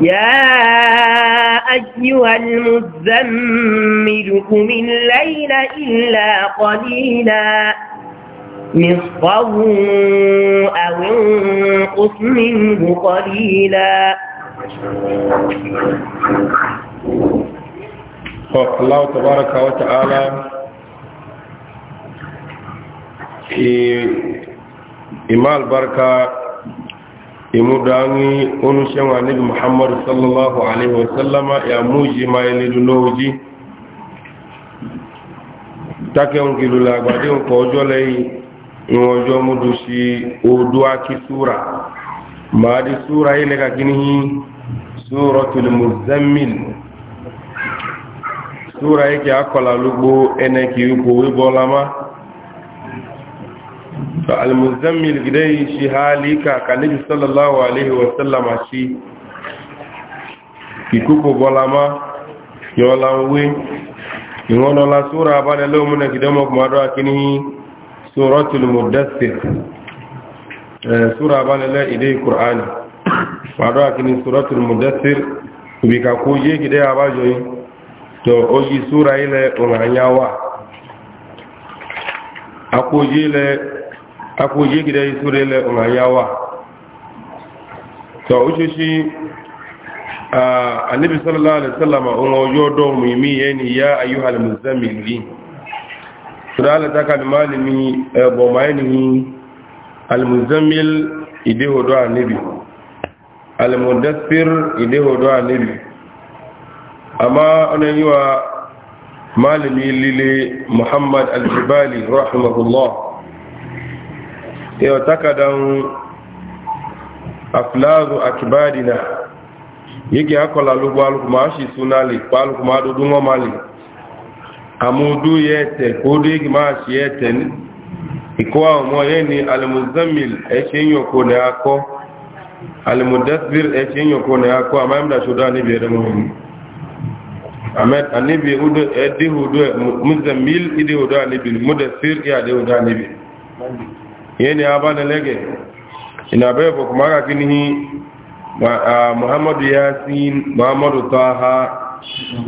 يا أيها المزمل قم الليل إلا قليلا نصفه أو انقص منه قليلا طيب، الله تبارك وتعالى في إمال بركة imudani onu shewa nabi muhammad sallallahu alaihi wasallama ya muji maile dunoji take on kilu la gbade ko ojo lei iwon ojo mudu si odu aki sura ma di sura ile ka kini suratul muzammil sura yake akola lugbo ene ki ko we to almuzammil gidai shi halika kanibi sallallahu alaihi wasallama shi kikuko bolama yolanwe ingono la sura bana lo mun gidamo kumado akini suratul mudaththir sura bana la idai qur'ani mado akini suratul mudaththir kubika kuje gidai abajo yi to oji sura ile unanyawa akoje ile akpo yi gida yi sure le ona yawa to uche shi annabi sallallahu alaihi wasallam on ojo do mimi yani ya ayyuhal muzammil sura ta kan malimi e, bo mayni al muzammil ide hodo annabi al mudaththir ide hodo annabi amma onan yiwa malimi lile muhammad al rahimahullah yatakadan aflazu akibadina yake akola lugbo alukumashi sunali palukuma adudu ngomali amudu yete kudu yake maashi yete ikuwa omo yeni alimuzammil eshe yoko ne ako alimudathbir eshe yoko ne ako ama yamda shudu anibi ere muhimu amet anibi udu edi hudu muzamil ide hudu anibi mudathbir ya ade hudu anibi yene abana lege ina bebo kumara kinihi muhammadu yasin muhammadu taha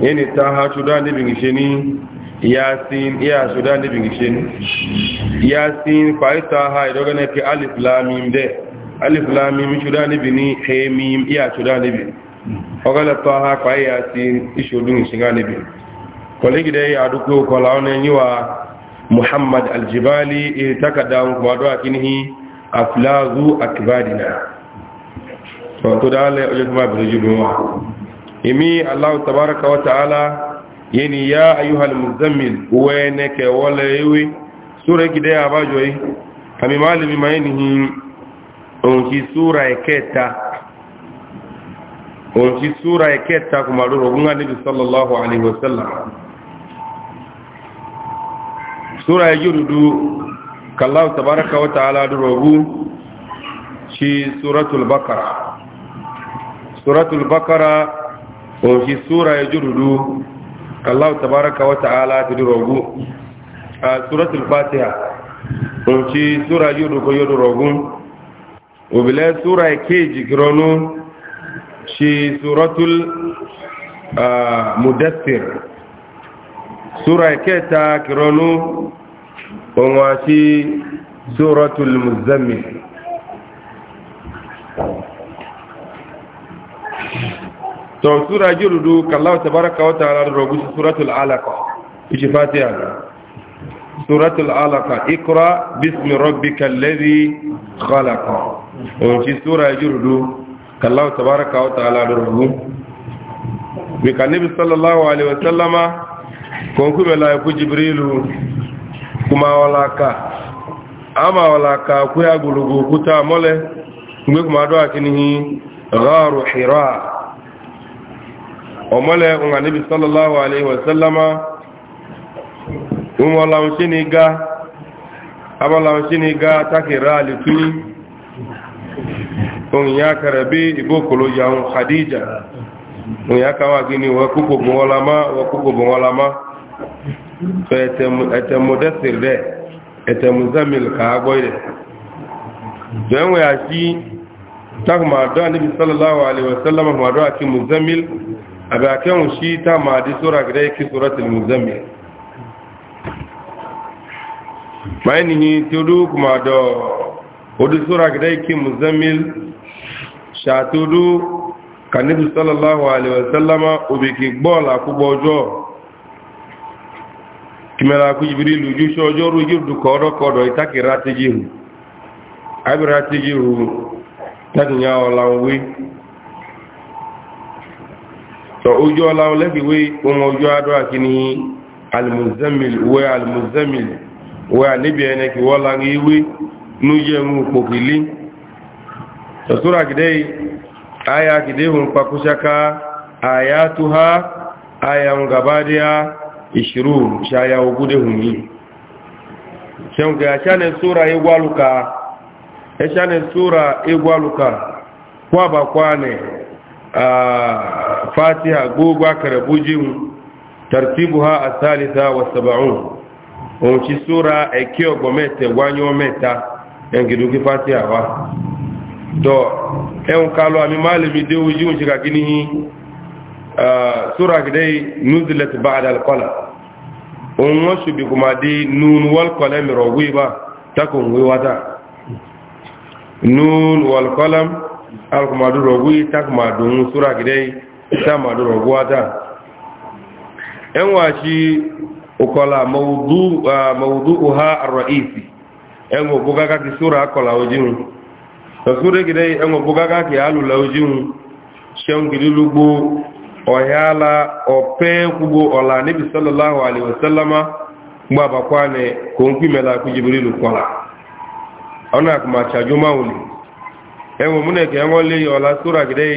yene taha sudan de bingisheni yasin iya sudan de bingisheni yasin fai taha idoga ne ke alif lamim de alif lamim sudan de bini hemim iya sudan de bini ogala taha fai yasin ishodun shinga ne bini kolegi de ya duko kola nyiwa muhammad aljibali irtakada eh, kuma do akinihi aflazu akbadina to to dale ojo kuma birujubu wa imi allah tabaaraka wa ta'ala yeni ya ayyuhal muzammil wene ke wole yiwi sura gide abajo yi kami malimi mayenihi onki sura eketa onki sura eketa kuma do rogunga nabi sallallahu alaihi wasallam sura ya yurudu kallahu tabaraka wa ta'ala durogu shi suratul bakara suratul bakara o shi sura ya yurudu kallahu tabaraka wa ta'ala durogu a suratul fatiha o shi sura yurudu yurudu o bile sura keji gironu shi suratul mudassir sura keta kironu òun àti suratul muzammil to sura jirudu kallahu tabaraka wa ta'ala rubu suratul alaqa ishi fatiha suratul alaqa ikra bismi rabbikal ladhi khalaqa òun ti sura jirudu kallahu tabaraka wa ta'ala rubu bi kanibi sallallahu alaihi wasallama kon kuma jibrilu kuma ọlaka ama ọlaka kwe agologo okwute amole mgbe kuma adọ akinihi gharu hira omole nga nabi sallallahu alaihi wasallama nwa ọlanwuchi ni ga abalanwuchi ni ga takira alituni òun ya kẹrẹ bí ìbókòló yàun khadija òun ya káwà gini wọ́n kúkò bùn wọ́n lámá so ẹ̀tẹ̀ mọ̀dẹ́sìr dẹ̀ ẹ̀tẹ̀ muzamil kàágbọ́ ilẹ̀ tó ẹ̀wọ̀n yà sí tákùmà àdọ́ níbi sálàláwà alẹ́wọ̀sálàmà àdọ́ àti muzamil àbẹ̀ akẹ́wọ̀n sí táàmà àdí sóra gẹ́rẹ́ kí sóra tẹ̀lẹ̀ muzamil máyé nìyí tí ó dúkù mà dọ̀ odú sóra gẹ́rẹ́ kí muzamil ṣàtòdú kanibu sálàláwà alẹ́wọ̀sálàmà òbìkì gbọ́ọ̀lá kúgbọ́ ọjọ́ kimela ku jibril ju shojo ru jirdu kodo kodo itaki ratijiru abiratijiru tanya ola wi to ujo ola ole bi wi ko mo jo ado akini al muzammil wa al muzammil wa nibi ene ki wala ngi wi nu je mu pokili to sura gidei aya gidei hun pakushaka ayatuha aya ngabadia ishirini shaya ugude huni chenke achane sura igwaluka echane sura igwaluka kwaba kwane fatiha gugu akara bujimu tartibuha athalitha wa sab'un onchi sura ekio gomete wanyo meta engiduki fatiha wa do eun kalo ami male mi de ujimu chikakini sura gidai nuzilat ba'da alqalam on wasu bi kuma di nun wal qalam rawi ba takun wi wata nun wal qalam al kuma du rawi tak ma dun sura gidai ta ma du rawi wata en washi ukola mawdu mawduha ar-ra'isi en go buga ka ki sura kola ojin sura gidai en go buga ka ki alu lawjin shen gidilugbo ọ̀yàlá ọ̀pẹ́ gbogbo ọla níbi sallallahu alaihi wasallama gbà bàkwá ní kò ń pìmẹ̀lá kú jìbìrìlù kọ́lá ọ̀nà àkùnmà ṣàjú máwùlì ẹwọ̀n múnẹ̀ ọla wọ́n lé ọ̀la ọna gẹ́dẹ́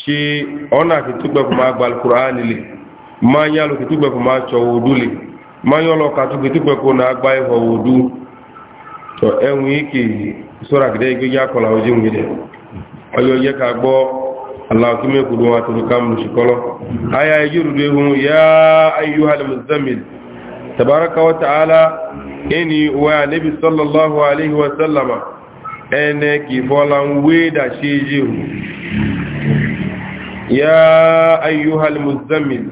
ṣe ọ̀nà àkìtúgbẹ̀kù máa gbà kùránì mmanya máa yá lò na agba tsọ òdu lè máa yọ lọ kàtó kìtúgbẹ̀kù náà Allah kuma ku duwa tun kam shi kolo aya yurduhu ya ayyuhal muzammil tabaraka wa ta'ala eni wa nabi sallallahu alaihi wa sallama ene ki folan we da shiji ya ayyuhal muzammil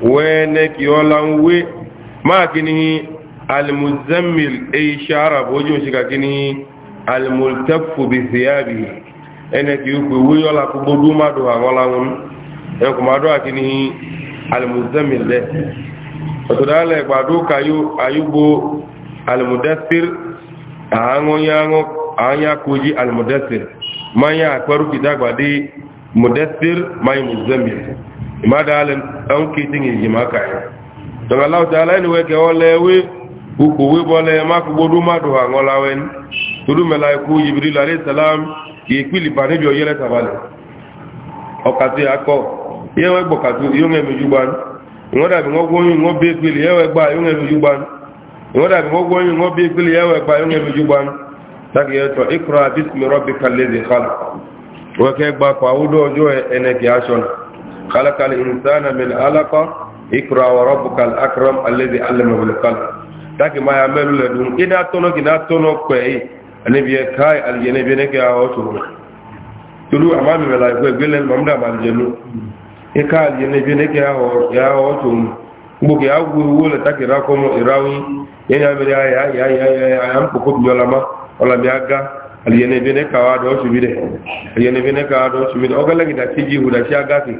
we ne ki olan we ma kini al muzammil ay e shara bojo shi ka kini al multafu bi thiyabihi ẹnẹkì ukpe wúyọ́ la kó gbódú má do àwọn làwọn ẹn kò má do àkíní alimudẹ́mi lẹ ọ̀tọ̀dá lẹ gbàdó kayo ayúgbó alimudẹ́sir àáyá kojí alimudẹ́sir máa yá àpẹrù kìdàgbàdé mudẹ́sir máa yí mudẹ́mi ìmá dáa lẹ ẹn kéjì ní ìjìmá kàyà tọ́nà láwùjọ aláìníwẹ̀ kẹ́ ọ lẹ́wé ukpo wé bọ́ lẹ má kó gbódú má do àwọn làwọn tolúmẹ̀lá ikú yìbìrì lálẹ́ sàlámù kìí pìlì bá níbi ọyẹ́lẹ́ tàbálẹ̀ ọkàtí akọ yẹ́wẹ́ gbọ̀kàtí yóò ẹ̀mí jùgbani ìwọ́n dàbí wọ́n gbóyún wọ́n bí pìlì yẹ́wẹ́ gbà yóò ẹ̀mí jùgbani ìwọ́n dàbí wọ́n gbóyún wọ́n bí pìlì yẹ́wẹ́ gbà yóò ẹ̀mí jùgbani tàbí ẹ̀tọ́ ikra bísí rọ́bì kalẹ́dẹ̀ kálá wọ́n kẹ́ gbà kọ́ àwùdó ọjọ́ ẹnẹ́kì aṣọ́nà kálákálí ìrìnsánà mẹ́lẹ̀ alákọ́ ikra wọ́rọ́ bukal akram alẹ́dẹ̀ alẹ́mọ̀bìlẹ̀ kálá tàbí máa yà anabi yɛ kaayi alijɛnɛ bi ne kɛ awɔ toro la toro a ma mɛ la ko gbɛlɛn mamu da ma alijɛnu e ka alijɛnɛ bi ne kɛ awɔ ya awɔ toro la gbogbo ya wo le taki ra kɔmɔ irawo yi yɛn ya mɛri ya ya ya ya ya ya ya nkpɔkɔ tuma la ma ɔla mi aga alijɛnɛ bi ne ka wa dɔ subi dɛ alijɛnɛ bi ne ka wa dɔ subi dɛ ɔgɛlɛ kita ti ji huda si aga ti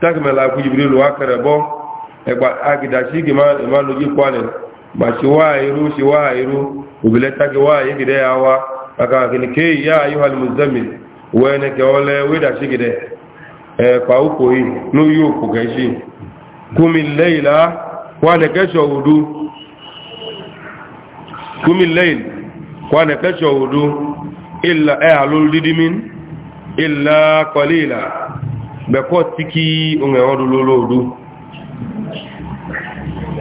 taki mɛ la ko jibiri lu akɛrɛ bɔ ɛgba agida si gima ima lu ji kɔ ale ma si wa ayiru si wa ayiru ubiletake wa yigide yawa aka kini ke ya ayuhal muzammil wene ke ole wida shigide e kwa uko yi nu yuko kaishi kumi layla kwa ne kesho udu kumi layl kwa ne kesho udu illa e alul didimin illa qalila be ko tiki unge odu lolo udu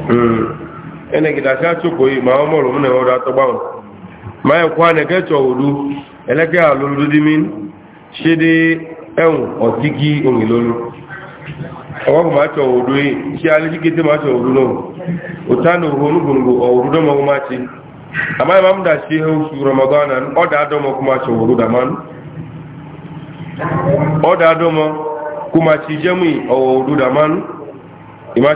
mm. ene gida ka chopo ma omo lo ne o da to ba ma e kwa ne ke cho odu eleke alulu di min shede ehun otigi ongi lolu ma cho odu yi si ale ji ma cho odu no utano honu gungu o odu mo ma chi ama su ramadan an o da do mo cho odu da man o da chi jemi o odu da man ima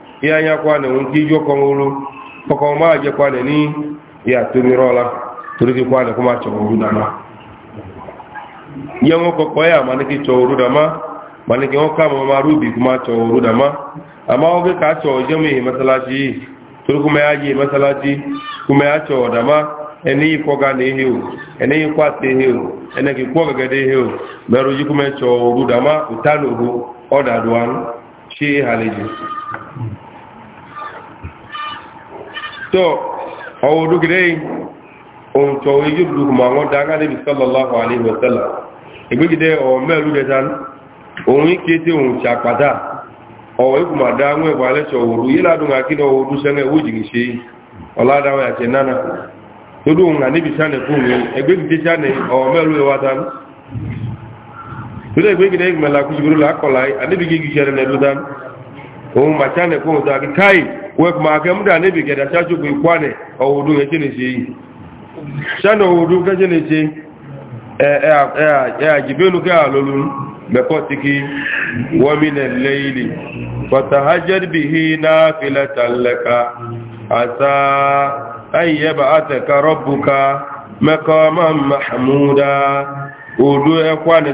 ihe anya kwana na nwoke iji ọkọ nwụrụ ọkọma ajekwana ni ya tomere ọla torikikwana kuma chọrọ dama ihe nwoke kpọ ya manike chọrọ dama manike nwoke ama mara ubi kuma chọrọ dama ama oge ka a chọrọ jem ihe masalachi torí kúmẹ ayé mẹsàlájí kúmẹ àtsọ ọdàmá ẹni ìfọgà ní ihe o ẹni ìkwàtí ihe o ẹni kíkọ gẹgẹdẹ ihe o tó ọwọ́ dókèrè ohun tó yóò dúkù mọ́ àwọn dáńgá níbi sallallahu alaihi wasallam ìgbégidé ọ̀wọ́ mẹ́rù jẹta ohun ìkété ohun ṣàpàdà ọ̀wọ́ ikú mà dá àwọn ẹ̀bọ̀ alẹ́ṣọ̀ òru yíládùn àkínà òru sẹ́ngẹ̀ owó jìgì ṣe ọ̀ládáwọn àti nánà tó dùn ohun àníbi sánẹ̀ fún mi ẹgbégidé sánẹ̀ ọ̀wọ́ mẹ́rù ohun màṣánẹ̀ fún òun tó wekuma akemda nebi gada chachu kuikwane owudu ngechine shi shano owudu ngechine shi ya e, e, e, jibenu ka lolun mekotiki wa min al-layli fatahajjad bihi nafilatan laka asa ekwane kwane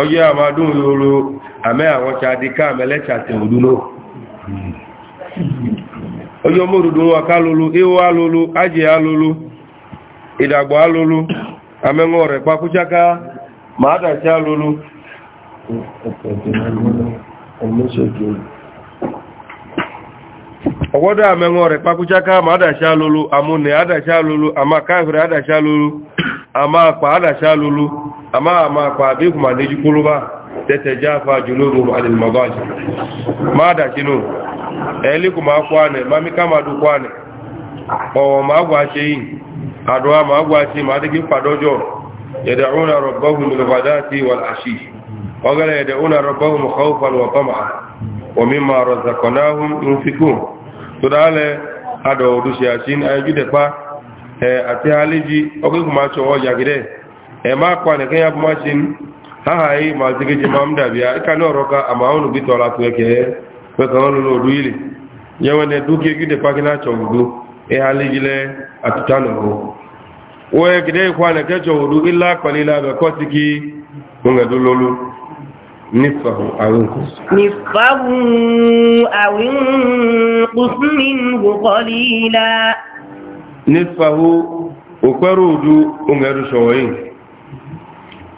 ọjọ́ àwọn adún yóò àmẹ́ àwọn ṣàdíká àmẹ́lẹ́ṣà tẹ̀wòdúnó ọjọ́ mọ́rùdún ọká lolo ewu alolo ajẹ́ alolo alụlụ. alolo àmẹ́wọ̀n rẹ̀ pakúṣáká máadàṣí alolo ọgbọ́dọ̀ àmẹ́wọ̀n rẹ̀ pakúṣáká máadàṣí alolo àmúnẹ̀ àdàṣí alolo àmàkáfẹ̀rẹ̀ àdàṣí alolo àmàpà àdàṣí alolo amma ma kwa bi kuma ne ji kuluba ta ta jafa junubu anil magaji ma da kinu eli kuma kwane ma mi kama du o ma gwa ce yin adwa ma gwa ce ma da kin fadojo yad'una rabbahum wa qala yad'una rabbahum khawfan wa tam'a ado du siasin pa eh ati haliji ẹ̀má kwanẹ̀ kí yàbọ̀ máa ṣe ní àhàyí máa ti kéje máa ń dàbí a ìka ní ọ̀rọ̀ ká àmà àwọn olùbí tọ́ra tó ẹkẹ́ pẹ̀kẹ́ wọn lórí òdú ilẹ̀ yẹwọn ní ẹdú kí egídè pákínà àtsọ̀gbogbo ẹ̀hà lẹ́yìnlẹ́ àtútà nìkó wọ́n yẹ kìdẹ́ ikú òdú ilá bẹ̀ kọ́ sí kí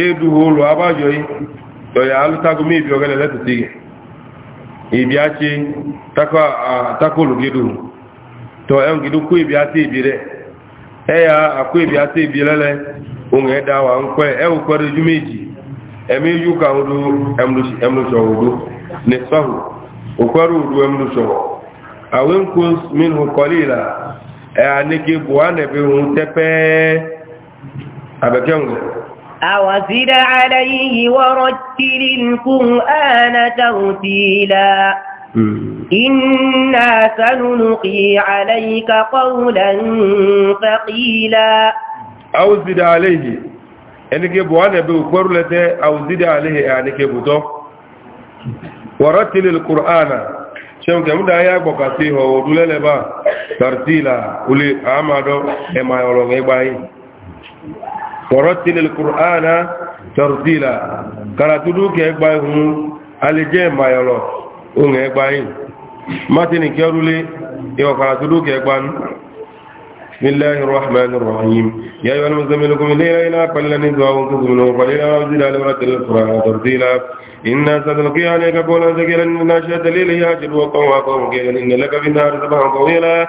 eduhu ụlọ agbajọghị tọya alụtago m ibi ogene letụta gị ibiachi takolu gị duhu tọ engidu kwu ibiata ibire eya akwu ibiata ibirele onwe dawa nkwe ewukwere jumeji eme iju ka hudu emlucho hudu nisahu ukwere hudu emlucho awinkus minhu kolila eya niki buwa nebe hun tepe abeke nwere أوزد عليه ورتل القرآن ترتيلا إنا سنلقي عليك قولا ثقيلا أوزد عليه أنك بوانا بقرلة أوزد عليه أنك بطو ورتل القرآن ṣeun kẹmú dáa yá gbọ̀kà sí ọ̀wọ̀dúlẹ́lẹ́bà tàrtílà ulé àmàdọ́ ẹ̀mà ọ̀rọ̀ ẹgbà yìí ورتل القرآن ترتيلا كراتدو كيكباي هم alije mayoro ohun ẹgbayin martin kẹrùlé ìwọ̀n kàràtúrú kẹgbanu bismillahir rahmanir rahim ya yi wani musamman kuma ne yana kwallon ni zuwa wani kusa minu kwallon yana wajen da alamar tilin fura tortila inna sadar kiya ne ka kolan zagiran na shi dalilin ya ce duwa kan wakon gẹ̀rẹ̀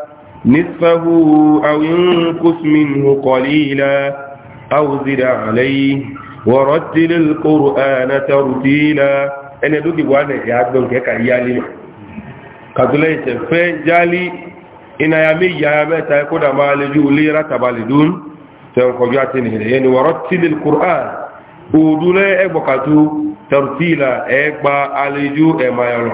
نصفه أو ينقص منه قليلا أو زد عليه ورتل القرآن ترتيلا أنا دوكي وانا يا عبدون كيكا يالي كاتولي تفي جالي إن يامي يا متى يكون ما لجو لي رتب تنقجاتين هنا يعني ورتل القرآن ودولي أبقاتو ترتيلا أبقى عليجو أما يلو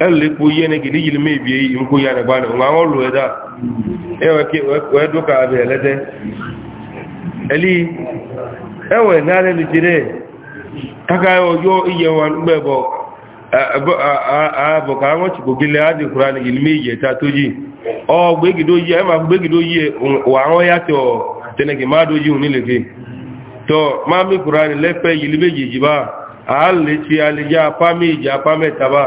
ẹlẹ kpo yẹ ne kìdí yìí mẹ bìí yìí nkó yára gbani wọn àwọn lò ẹ dá ẹ wẹ kí wẹ dó ká abẹ ẹlẹtẹ ẹlí ẹ wẹ nàlẹ lè ti dẹ kaka ọjọ iyẹ wọn gbẹ bọ ààbọ ká wọn ti gògì lẹ adé kura ni yìí mẹ yẹ ta tó jì ọ gbégido yẹ ẹ wà àwọn yàtọ tẹnẹkì má dojú òní lè tọ má mi kura ni lẹfẹ yìí jì bá àá ti alẹ apá mi apá mẹta bá.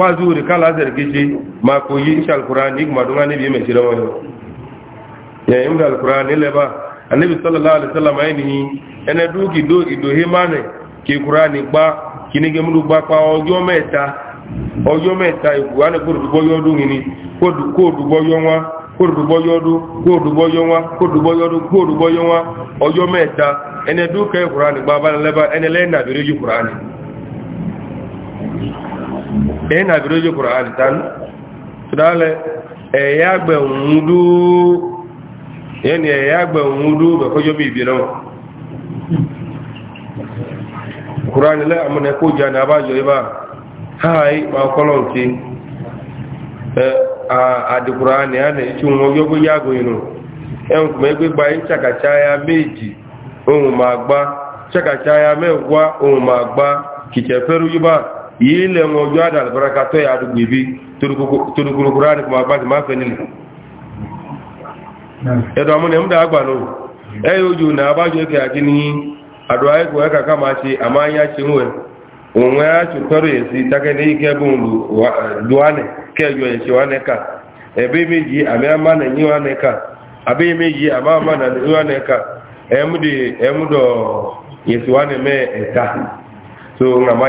kwazu ri kala azar ma ko yi insha alquran ni ma dunga ni bi mai shirawa yo ya yin da alquran ne leba annabi sallallahu alaihi wasallam ayini ene duki do ido he mane ki qur'ani gba kini ge mu gba pa ojo meta ojo meta ikuwa ne ko dubo yo du ngini ko du ko dubo yo wa ko dubo yo du ko dubo yo wa ko dubo yo du ko dubo yo wa ojo meta ene duka qur'ani ni ba leba ene le na bi reju qur'ani ẹ̀yìn náà bìrì ojú kùrọ̀ àdìtán tùdálẹ̀ ẹ̀yà àgbẹ̀ òun dú yẹ́nì ẹ̀yà àgbẹ̀ òun dú bẹ̀kọ́jọ́ bí ìbí náà kùrọ̀ ànilẹ̀ àmúnẹ̀ kó jẹ́ àná abájọ ibà háàí máa kọ́lọ̀ ti àdìkùrọ̀ àní àná ìtú wọn ohun ohun yi lẹ̀ wọn ojú àdà àlùbáraka tó yà àdúgbò ibi torukurukuru àti kùmà bá ti máa fẹ́ nílẹ̀ ẹ̀dọ̀ àmúnẹ̀ ń dà àgbà lọ ẹ̀yẹ ojú nà abájọ ẹ̀kẹ́ àti ma àdó ayẹ́kọ̀ ẹ̀kà ká máa ṣe àmá yá ṣe ń wẹ̀ òun ẹ̀ á tún pẹ́rù yẹ̀ sí ke ní ikẹ́ bóun lu ka kẹ́ẹ̀yọ yẹ̀ ama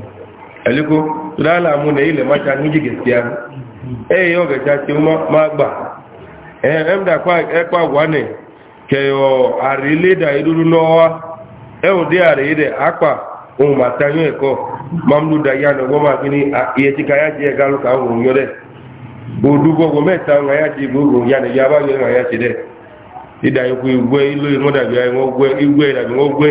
eliko lala mu na ile macha ngi gesia eh yo gecha ti ma gba eh em da kwa e kwa wane ke yo ari leda iduru nowa e o de ari ide akwa o ma tanyo eko mamlu da ya no goma kini ye ti kaya je galu ka o ida igwe ilu gwe igwe dabi ngo gwe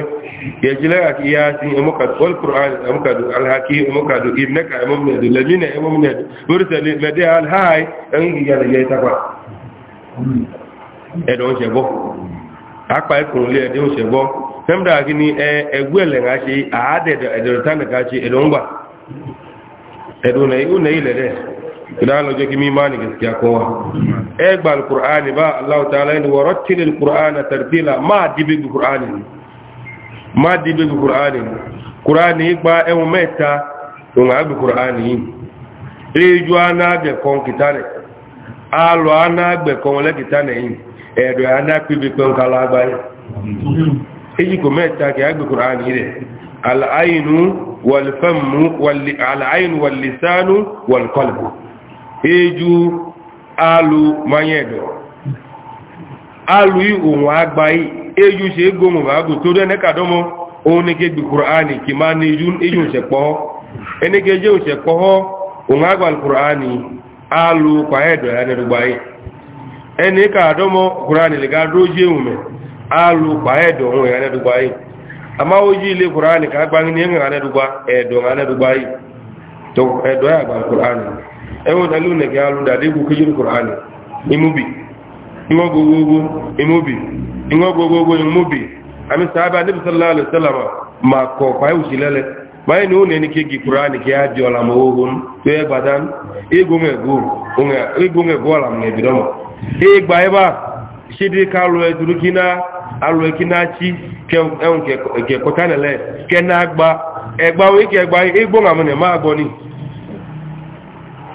ya jile ka kiyasi imu ka wal qur'an ka al hakim imu du ibne ka imu ne le mine imu ne mursa le me de al hay en gi le ta kwa e don se e kun le se bo da e a de se e don gba e don ne u ne ile de kida lo jogi mi mani gaskiya kowa e gba alqur'ani ba allah ta'ala in warattil alqur'ana tartila ma dibi alqur'ani ma dibi alqur'ani qur'ani gba e meta to ma bi qur'ani e ju ana ge kon kitane alo ana gbe kon le kitane yin e do ana pi bi kon kala wal famu wal al wal lisanu wal qalbu eju alu edo. alu ohun agbayi eju se gbohun maagu tó rẹ̀ nẹ́kàdọ́mọ́ ohun ní kégbì kùránì kì ki ní eju je ẹnikẹ́ jẹ́ òṣẹ̀pọ̀ ohun agbàl kùránì alu kwàẹ́dọ̀ ẹnìrùgbáyé ẹni kàdọ́mọ́ kùránì lè ga dó jẹ́ ohun mẹ́ alu kwàẹ́dọ̀ ohun ẹnìrùgbáyé àmá ó jí ilé kùránì kàgbáyé ní ẹ̀rìn ẹwọ́ dalú nẹ̀gẹ́ alúdàdégún kéjìrì kùránì imúbi ingọ́gbogbogbo imúbi ingọ́gbogbogbo imúbi àmì abịa, níbi sọ́lá alẹ́sọ́lámà ma kọ̀ fàíwùsì lẹ́lẹ́ báyìí ni ó nẹni kéjì kùránì kí á di ọ̀làmọ̀ ogun tó yẹ gbàdán égbón ẹ̀gọ́ ọ̀làmọ̀ ẹ̀bìdọ́mọ̀ égbà ẹbá ṣédé kálọ ẹ̀dùrúkíná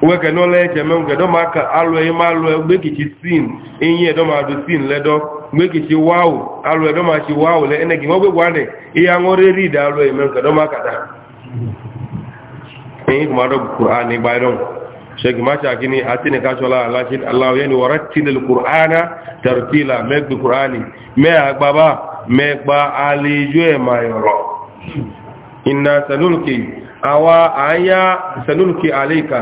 wẹ́kẹ̀ náà lẹ́yìn tẹ̀mẹ́ ǹkẹ́ dọ́ máa ka alọ́ ẹ máa lọ gbẹ́kìtì sin eyín ẹ̀dọ́ máa dùn sin lẹ́dọ́ gbẹ́kìtì wáwò alọ́ ẹ̀dọ́ máa ṣe wáwò lẹ́ ẹnẹ́gì wọ́n gbẹ́gbọ́ ànẹ́ iye àwọn rẹ́rì ìdá alọ́ ẹ̀mẹ́ ǹkẹ́ dọ́ máa kàdá eyín kùmà dọ́ kùránì gbá ẹ̀dọ́n ṣẹ́gi má ṣàkí ni àti ní káṣọ́lá aláwọ̀ yẹn ni wọ́n ti lè kùránà tẹ̀rẹ̀tìlà mẹ́gbẹ̀ kùránì mẹ́ àgbàbá mẹ́gbà àlejò ẹ̀ máa yọ̀rọ̀ ìnà sanúlùkì àwa àyà sanúlùkì àlejò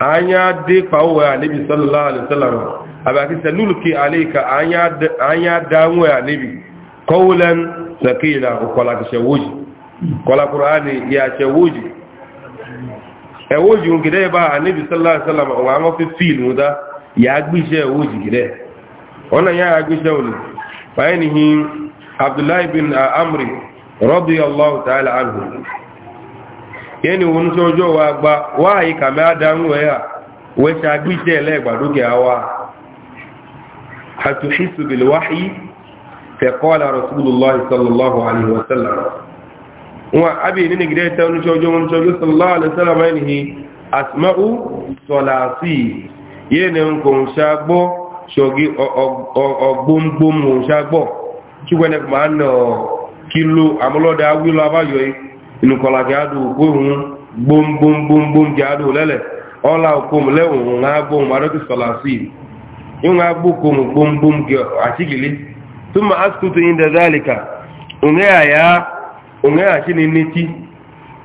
anya de pawo anabi sallallahu alaihi wasallam abaki sanulki alayka anya anya dawo anabi qawlan sakila ukola kishawuji kola qur'ani ya shawuji e woji ngide ba anabi sallallahu alaihi wasallam wa ma fi fil muda ya gbise woji gide ona ya gbise woni bayanihi abdullah ibn amri radiyallahu ta'ala anhu yẹni wọn tí ọjọ́ wa gba wá àyíká mẹ́ àdánwò ẹ̀yà wẹ́ta gbíṣẹ́ ẹlẹ́gbàdókè àwa àtúnṣíṣù bìlì wáyí fẹ̀kọ́lá sallallahu alaihi wasallam wọn abì nínú gidẹ́ tẹ́ ọjọ́ ọjọ́ wọn tí sallallahu alaihi asma'u ń ṣàgbọ́ ṣọ́gí ọgbóngbóm ń ṣàgbọ́ kí inukɔla kɛ adu ko ŋu gbomgbomgbom kɛ adu lɛlɛ ɔla ko mu lɛ ŋu ŋa gbɔ ŋu adɔ ti sɔla si yi ŋa gbɔ ko mu gbomgbom kɛ atsigili tuma asukutu yi dɛ zalika ŋa ya ya ŋa ya si ni neti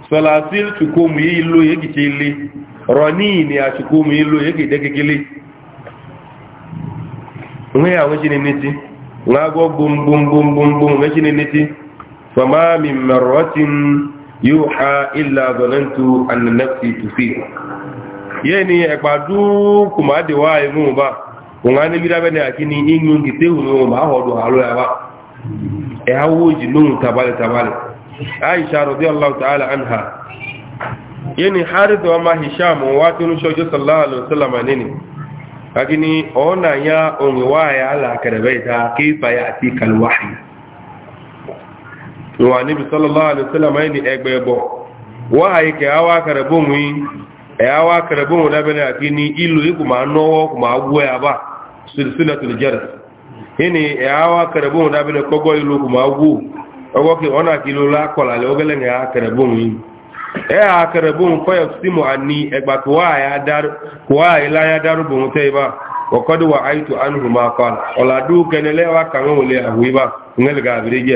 sɔla si tu ko mu yi lo yi kiti li rɔni ni a tu ko mu yi lo yi kiti kekele ŋa ya ŋa si ni neti ŋa gbɔ gbomgbomgbomgbom ŋa si ni neti fama mi mɛrɔtin. yóò ilẹ̀ àbọ̀nẹ́ntù annanẹ́fì tùfí yẹ́ ni ẹ̀pà dúkù máa dẹ̀wà ẹ̀mú bá wọn á níbi dábẹ́ ní àkí ní inú gìté òun máa họ̀dọ̀ àrọ́ ẹ̀wà ẹ̀háwó jì lóhun ọ̀nà ya òun wáyà alàkẹrẹ̀bẹ̀ ta kéfà àti kalwahi wa níbi sallallahu alaihi wasallam ẹni ẹgbẹ́ ẹbọ wọ́n àyíkẹ́ àwọn akẹrẹbọ̀n yìí ẹ̀yà àwọn akẹrẹbọ̀n lábẹ́lẹ̀ àti ní ìlú ikú máa nọ́wọ́ kò máa wú ẹ̀ àbá sílẹ̀ tó lè jẹ́rẹ̀ ẹni ẹ̀yà àwọn akẹrẹbọ̀n lábẹ́lẹ̀ kọ́gọ́ ìlú kò máa wú ọgọ́ kí ọ̀nà kí ló lákọ̀lálẹ̀ ọgẹ́lẹ̀ akẹrẹbọ̀n yìí ẹ̀ akẹrẹbọ̀n fọ́yọ̀ símọ̀ àní ẹgbà kò wá àyíláyà dárúbọ̀n tẹ́ ibà wakɔdi wa ayitu anu ma kɔla ɔladu kɛnɛ lɛ wa kaŋa wòle ahu yi ba ŋɛlɛ gaa bere jɛ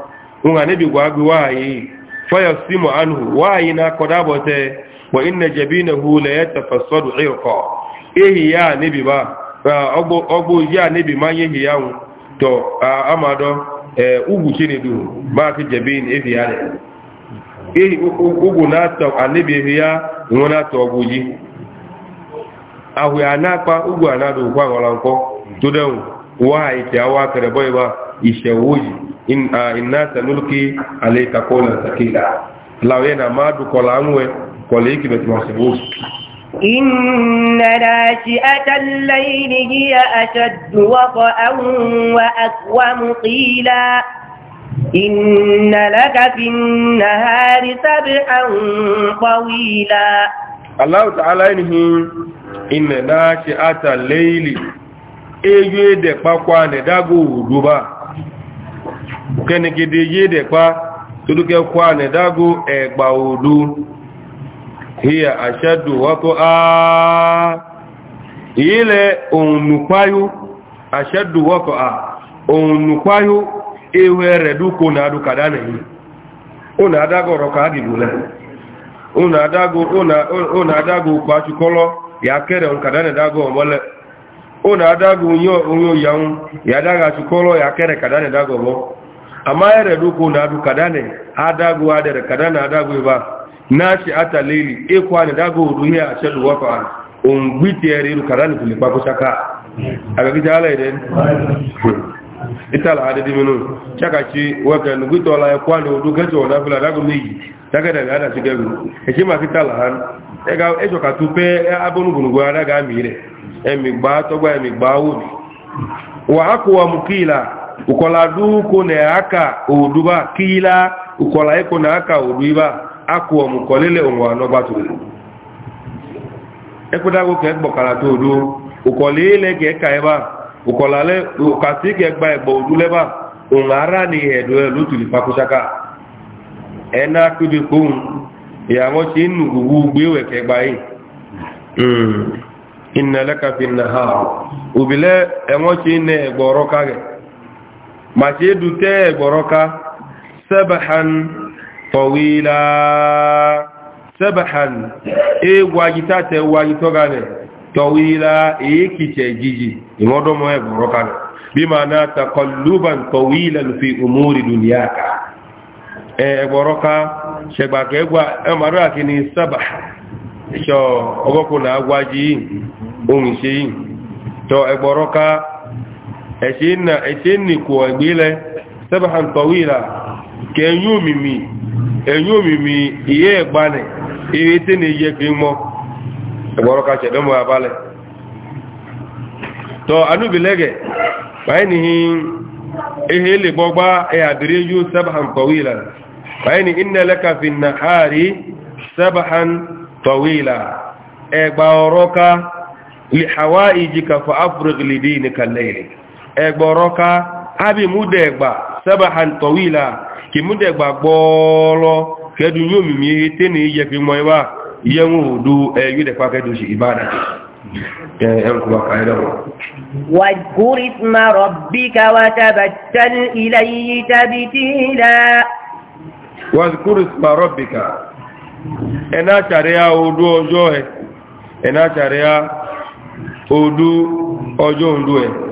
unga nebi gwagi wayi fayasimu anhu wayi na kodabote wa inna jabinahu la yatafassadu irqa ehi ya nebi ba ogbo ya nebi ma yehi ya un to ama e, ugu chini du ba ki jabin ya ehi ugu na to anebi ehi ya ngona to oguji ahu ya na pa ugu anadu kwa ngolanko tudeu awa ba in a inna sanulki alayka qawlan thaqila law yana ma du kolanwe koliki bet masbus إن ناشئة الليل هي أشد وطأا وأقوم قيلا إن لك في النهار سبعا طويلا الله تعالى إنه إن ناشئة الليل إيه يدك بقوان داقو دوبا kẹ́nìkìdì yédẹ̀pá tódúkẹ́ kwà nẹ̀dágó ẹ̀gbà òdú híyà àṣẹ́dù wọ́tọ́ àà ilẹ̀ òǹnùpáyó àṣẹ́dù wọ́tọ́ à òǹnùpáyó ewé rẹ̀ dúkò náà dúkàdá nìyí ó adago dágó ọ̀rọ̀ káàdìbò ìyàwó yà dágó àṣùkọ́lọ́ yà kẹ́rẹ̀ amma ya rado ko na du kada ne a dagowa da kada na dagowa ba na shi ata leli e kwani dago ruhiya a shaɗu wafa on gbiti ya riru kada ne kulipa ko shaka a ga gita halaye den ita la adadi minu shaka ci waka ni gbito la ya kwani odu gajo na fila dago meji daga daga ana shiga gudu e shi ma fita la han e ga e joka tupe abonugunugu adaga e emi e gba e emi gba wo wa akwa mukila ukola du ko ne aka oduba kila ukola eko na aka oduba aku omukolele onwa no baturu ekuda go ke gbokala to odu ukolele ke ka eba ukola le ukati ke gba egbo odule ba onara ni edo elu tuli pakusaka ena kubi kun ya mo ti nu gugu gbewe ke gba yi mm inna laka fi nahar ubile enwo ti ne egboro kage ma edu edutee egboroka sebahan tọwilaaa sebahan egwaagyi ta te wajitọ gị ane. tọwilaaa ekicha ejiji ịṅụ ọdụm ụwa egboroka na bima na atakwa luban tọwilaa n'ofe omori dunya ka. egboroka sheba kegwa amaadọgha kenye sebaha ịchọ ọkụkọ na agwagyi onwunshi ndị ọkụkọ. chọọ ẹ̀ṣẹ́ ní kò ẹ̀gbẹ́ lẹ sẹ́bàán tọ̀wíra kẹ ẹ̀yún òmìmì iye ẹ̀gbanẹ̀ eré tí ni yẹ kí mọ́ ẹ̀gbọ́rọ̀ká ṣẹ̀dọ́mọ̀ abalẹ̀ tọ́ anúbìlẹ́gẹ̀ báyìí ni ihe lè gbọ́gbá ẹ̀yàdìrí yóò ẹgbọ̀rọ́ká ábì múdẹ̀gbà sẹ́bàhàn tọ̀wílà kì múdẹ̀gbà gbọ́ọ̀lọ́ kẹdùn yóò mìí ihe tẹ́ ní yẹ fi mọ́ ẹwà yẹun òdó ẹ̀yọ́ dẹ̀pá kẹdùn sí ìbádà واذكر اسم ربك وتبتل إليه تبتيلا ẹ̀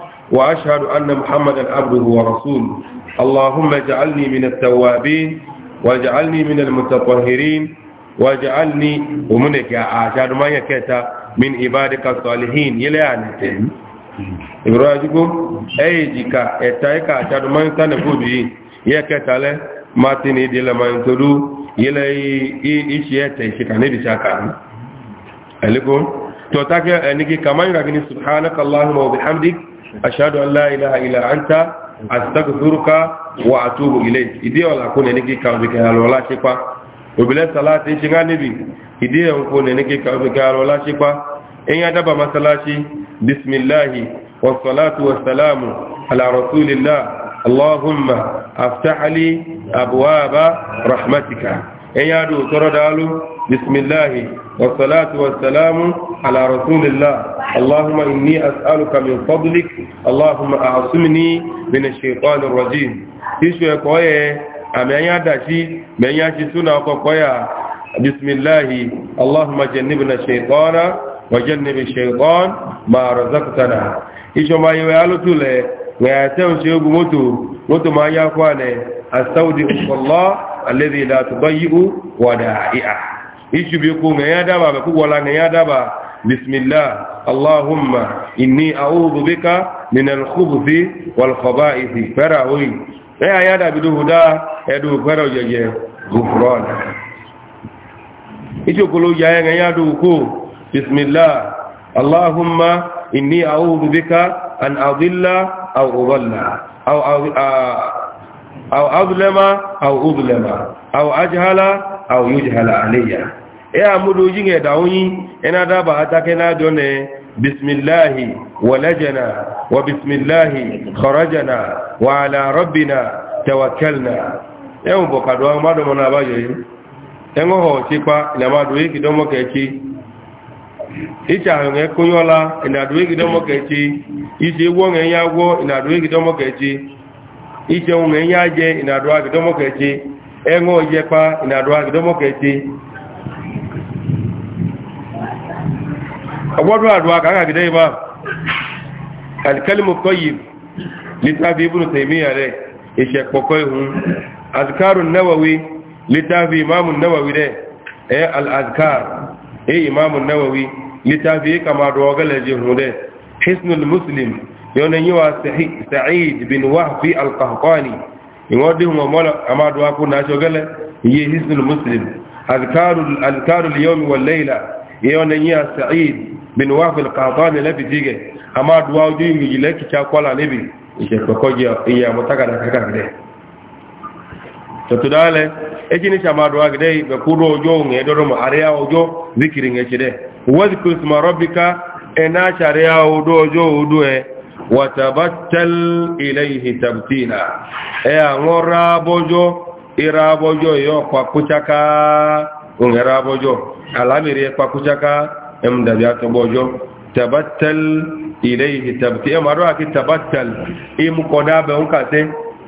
وأشهد أن محمدا عبده ورسوله اللهم اجعلني من التوابين واجعلني من المتطهرين واجعلني ومنك أشهد ما يكتا من عبادك الصالحين يلعنتين إبراجكم أيجيك أتايك أشهد ما يكتا نفوجي يكتا له ما تنيدي لما ينتدو يلا إيش يتشيك نبي شاكا عليكم توتاك أنك كمان رغني سبحانك اللهم وبحمدك ashhadu an la ilaha illa anta astaghfiruka wa atubu ilayk ide ola ko ne ki ka bi ka lola se pa obile salati se ngani bi ide on ko ne ki ka bi ka اللهم افتح لي ابواب رحمتك ايا دو بسم الله والصلاه والسلام على رسول الله اللهم إني أسألك من فضلك اللهم أعصمني من الشيطان الرجيم إيشو يكوية أمين يداشي من يأتي سنة وكوية بسم الله اللهم جنبنا الشيطان وجنب الشيطان ما رزقتنا إيشو ما يوالو تولي ويأتيو شيوب موتو موتو ما يأخواني أستودعك الله الذي لا تضيء ودائعه إيشو بيكو من يدابا بكو ولا من يدابا بسم الله اللهم إني أعوذ بك من الخبث والخبائث فراوي يا يا دا بدو دا ادو فرو جي غفران ايجو كلو يا يا دو بسم الله اللهم إني أعوذ بك أن أضل أو أضل أو أو أظلم أو أظلم أو أجهل أو يجهل عليا. ya mudu jinge da wuni ina da ba ta kana done bismillahi walajana wa bismillahi kharajana wa ala rabbina tawakkalna yau boka do ma do na ba je engo ho ti pa na ma do iki do mo ke ti icha nge kunyola ina do iki do mo ke ti ise wo nge ya wo ina do iki do mo ke ti ije nge ya je ina do iki do mo ke ti engo je pa ina do iki do mo ke ti ọgbọ́dọ̀ àdúwà kàkàkìdẹ́ ibá alkalimu kọ́yì littafi ibùn taimiyya rẹ̀ ìṣẹ̀pọ̀kọ́ ihun azkarun nawawi littafi imamun nawawi rẹ̀ ẹ al'azkar ẹ imamun nawawi littafi ya kama da wagalaje hun rẹ̀ hisnul muslim yana yi wa sa'id bin wahfi alkahkwani ìwọ́díhun ọmọ́lá amaduwa kú na ṣogẹ́lẹ̀ iye hisnul muslim azkarul yomi wa laila yeyone ñiya said bin wafil kadani lebi dige ama duwa ojo yiji le kica kola lebi ise koko iyamo tagada kakagide totudale ejini cama duwa gide be kudo ojo ŋe dodomo areya ojo zikiri ŋe cide wadhkur sma rabbika ena careya odo ojo odue watabattal ilayhi tabtila eya ŋo rabojo irabojo yo kwakucaka ongara abojo alamiri ekpakuchaka emdabi atobojo tabattal ilayhi tabti amaro aki tabattal im koda be onkate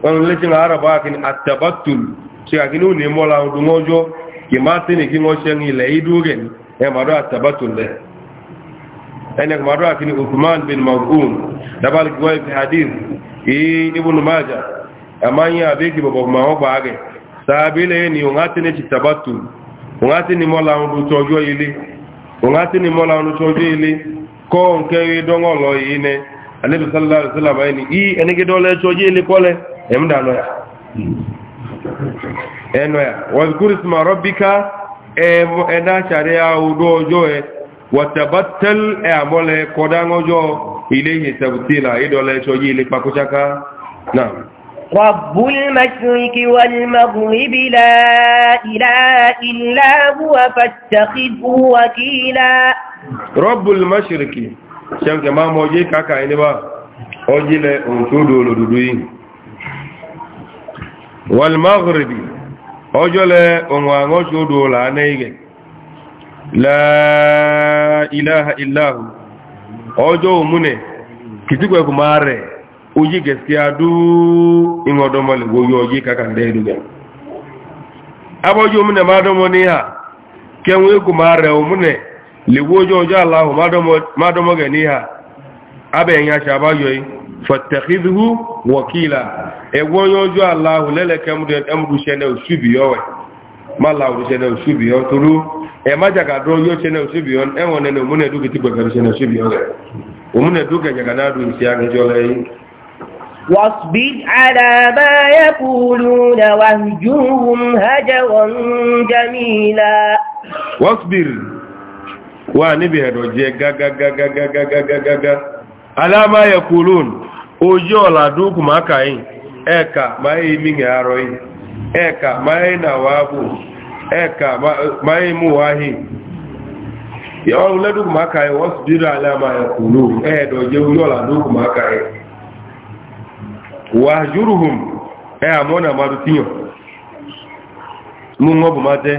on lechi na arabo aki atabattul ti aginu ni mola odungojo kimati ni kingo shengi le idugen amaro atabattul le ene amaro aki ni uthman bin maz'un dabal gwaib hadith i ibn majah amanya abiki bobo mawo baage sabile ni ongatene ngati ni mola ndu chojo ili ngati ni mola ndu chojo ili ko nke wi dongolo ine alayhi sallallahu alayhi wasallam ini i enige dole chojo ili kole emda no ya eno ya wazkur isma rabbika e eda chare ya udo joe watabattal e amole kodango jo ile ni tabtila idole chojo ili pakuchaka naam رب المشرك والمغرب لا إله إلا هو فاتخذه وكيلا رب المشرك شنك ما موجي كاكا إنبا أجي لأنتودو لدودوين والمغرب أجي لأنوانوشودو لانيك لا إله إلا هو أجو مني كتبك ماري uji gaskiya duk in wadon malibu yoyi kakan da ya dugan abojo mune ma domo ni ha kenwe kuma re mune liwojo ojo allah ma domo ma ga ni ha abe nya sha ba yoyi fattakhidhu wakila ewo yojo lele shene shene turu e yo shene mune shene jaga na واصبر على ما يقولون واهجرهم هجرا جميلا واصبر وانبه دوجي غغا غغا غغا غغا على ما يقولون ojo laduku makai eka mai minge aroi eka mai nawabu eka mai muwahi ya wa laduku makai wasbir ala ma yaqulun eh doje ojo laduku makai wàjúrùhùn ẹ àmọ́nà àmàrùtíyàn mú wọ́n bù máa tẹ́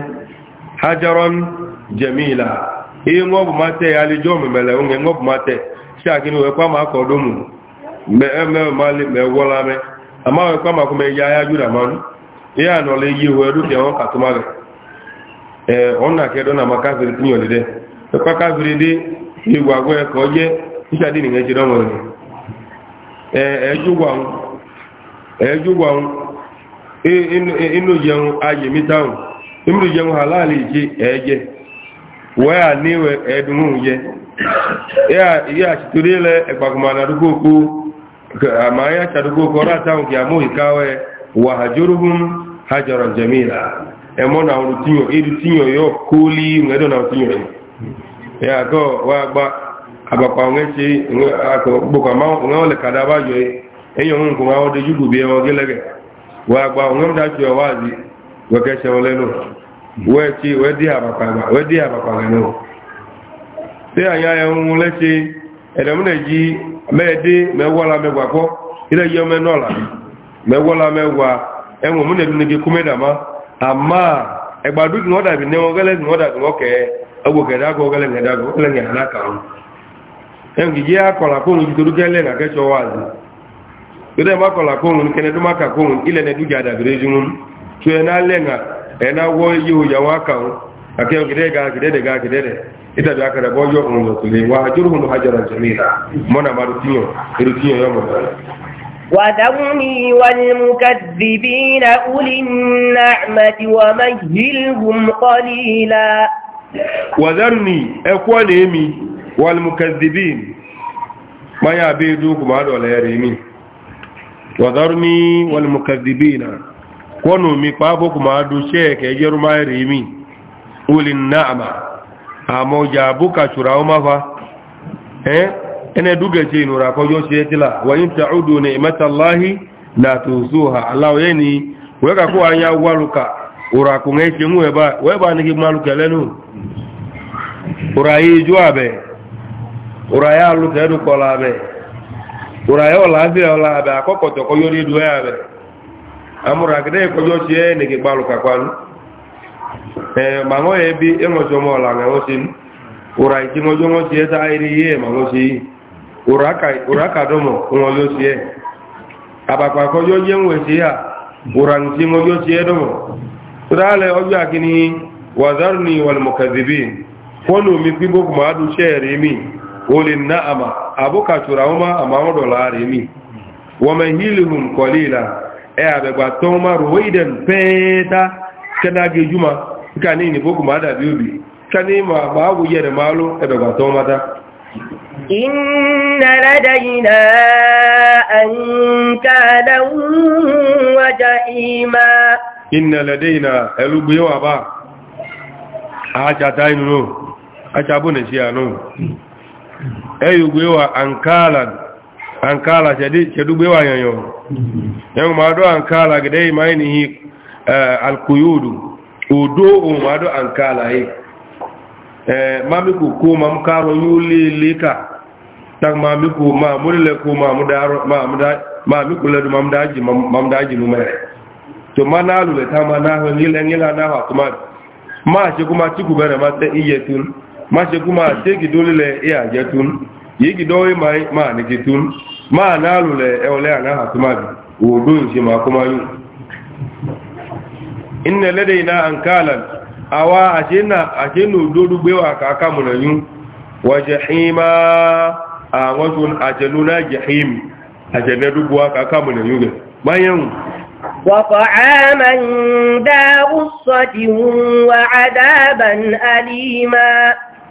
hajjaron jẹ̀míìlà iye wọ́n bù máa tẹ́ alẹ́jọ́ mẹ̀mẹ̀lẹ̀ oúnjẹ wọ́n bù máa tẹ́ sí àkínú ẹ̀kwá máa kọ̀ọ̀dọ́mù a àmá ẹ̀kwá máa kọ́ mẹ́yà ayájúdà máa nú iye ànọ́lẹ̀ iye wọ ẹdúkẹ́ wọn kàtúmá rẹ̀ ka ẹ̀ẹ́jú wà ẹjúgbà inú jẹun ayèmí táwọn inú jẹun aláàlè jí ẹ̀ẹ́jẹ́ wẹ́à níwẹ̀ ẹ̀ẹ́dùnmùn jẹ ìyá àṣìtorí lẹ ihe àdúgbòkó àmáyá àṣàdúgbòkó ọ̀rá táwọn kì àmú ìkáwẹ́ wà àjórúhún hajjọrọ̀ jẹmíìlà ẹmọ́ náà ọ̀rọ̀ kó lí náà tíyàn gbá bá ẹ̀ enyo nwe nkụwa ọ dị jugu bie ọ gịlege wee gba onwe m dachi ọwazi wee keche wee chi wee di wee di ha bakwaga n'o te anya ya nwụ lechi ede m na-eji meedi megwala megwa kpọ ile ji ome n'ọla megwala megwa enwe m na-edu n'igi kumeda ma ama egbadu bi ka na ire ma kola kongun kene duma ka kongun ile ne duja da birejungun to ena lenga ena wo yu ya waka ake gide ga gide ga gide de ita da aka bo yo on kule wa ajruhum hajaran jamila mona maru وذرني والمكذبين كونوا مقابكم عدو شيك يجروا ما يريمي أولي النعمة أمو جابوك شراوما فا ene duge ce nura ko yo ce wa in ta'udu ni'matallahi la tusuha allah yani we ka anya waluka ura ku ngai ce ba we ni maluka lenu ura yi juabe ura ya lu ke du ura yo lazira la ba akoko to ko yori du ya be amura gde ko yo che ne ki balu ka kwan e ma mo e bi e mo jo mo la ne osin ura ji mo jo mo che ta iri ye ma mo si ura ka ura ka do mo mo yo che aba kwa ko yo ye nwe si ya ura nti mo yo che do mo ura le o ja kini wazarni wal mukazzibin ko lo mi pingo ko ma du che re mi olè ná àmà àbúkàtùrà ọmọ àmàwọn dọ̀lá rẹ̀ mi wọ́mẹ̀ hìlìhùn kọlìlà ẹ àbẹ̀gbà tó ń márùn wéìdẹ̀n pẹ́ẹ́ta kẹ́dàgé jùmá kíkà ní ìnìbókù máa dàbí òbí kíkà ní máa wù yẹ̀rẹ̀ máa ló ẹbẹ̀gbà tó ń mátá إِنَّ لَدَيْنَا أَنْكَالًا وَجَحِيمًا إِنَّ لَدَيْنَا ẹlúgbé wà bá àjàdá inú náà àjàbọ̀nẹ̀ sí àánú eyugwewa ankalan ankala shadugwewa yanyo yango mado ankala gidei maini hi uh, alkuyudu udo umado ankala hi eh, mami kuku mamkaro yulilika tak mami ku mamulile ku mamudaro mamuda mami kuledu mamdaji mamdaji numere to manalule tamanaho ngile ngila naho kuma ma shi kuma ciku bere ma ta iya tun ma ṣe kú máa ṣe gìdó lílẹ̀ ìyà jẹ́ tún yìí gìdó wí máa ní ti tún máa náà lulẹ̀ ẹ̀ọlẹ́ àná àtúmàbí òòdó ìṣe máa kó máa yùn. inú ẹlẹ́dẹ̀ iná àǹkàlà àwa àṣẹ́nù òdòdó gbé wà kàákà mọ̀nà yún wà jẹ̀hìmá àwọn tún àjẹ̀lú náà jẹ̀hìm àjẹ̀lẹ́dúgbò wà kàákà mọ̀nà yún rẹ̀ báyẹ̀hùn وطعاما ذا غصة وعذابا أليما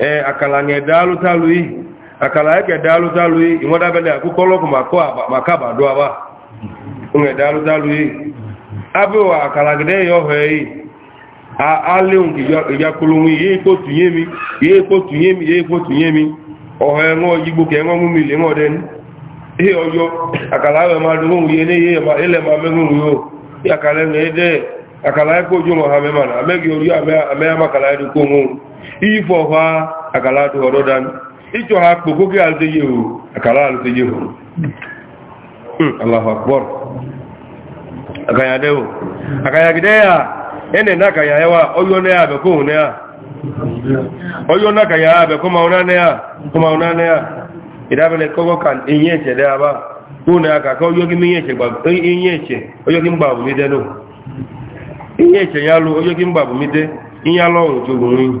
ee akala nye daalụtalụi akala eke daalụtalụi inwedabele akụkọ ọlọkụ maka bado aba nge daalụtalụi abụwa akala gide ya ọhụ eyi alịnwụ ijakulunwi ihe ikpotunye mi ihe ikpotunye mi ihe ikpotunye mi ọhụ enwe igbo ka enwe mmiri enwe ọdịni ọjọ akala ahụ ihe ma ele ma menwe nwe o akala enwe ede akala eke ha mọha ma na ameghị ori amegha makala ya dịkwa onwe ifo ha akala adụ ọdọ dan ịchọ ha kpokwo gị alụte ye o akala alụte ye o allahu akbar akanya de o akanya gide ya ene na akanya ya wa oyo na ya abeko ohun ya oyo na akanya ya abeko ma ona na ya kuma ona na idabele kogo kan inye eche de aba ko na aka ka yogi gimi inye eche gba inye eche oyo ki gba bu mi de no inye eche ya lu oyo gimi gba mi de inye alo ohun gun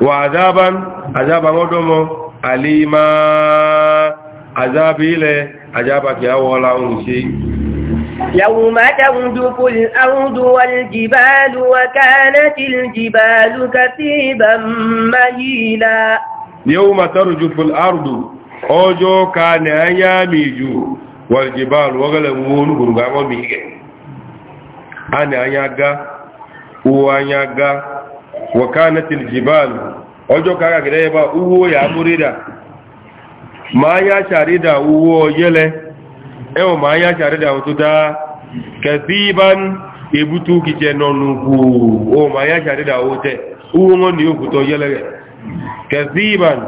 wa azaban azaba godomo alima azabile azaba kiawola unsi يوم تنجف الأرض والجبال وكانت الجبال كثيبا مهيلا يوم ترجف الأرض أجو كان أياميجو والجبال وغلمون قرغامو ميجي أنا أياغا وأياغا وكانت الجبال ojo kaga gire ba uwo ya murida ma ya sharida uwo yele ewo ma ya sharida otuda kathiban ibutu kije nonuku o ma ya sharida ote uwo ngoni okuto yele kathiban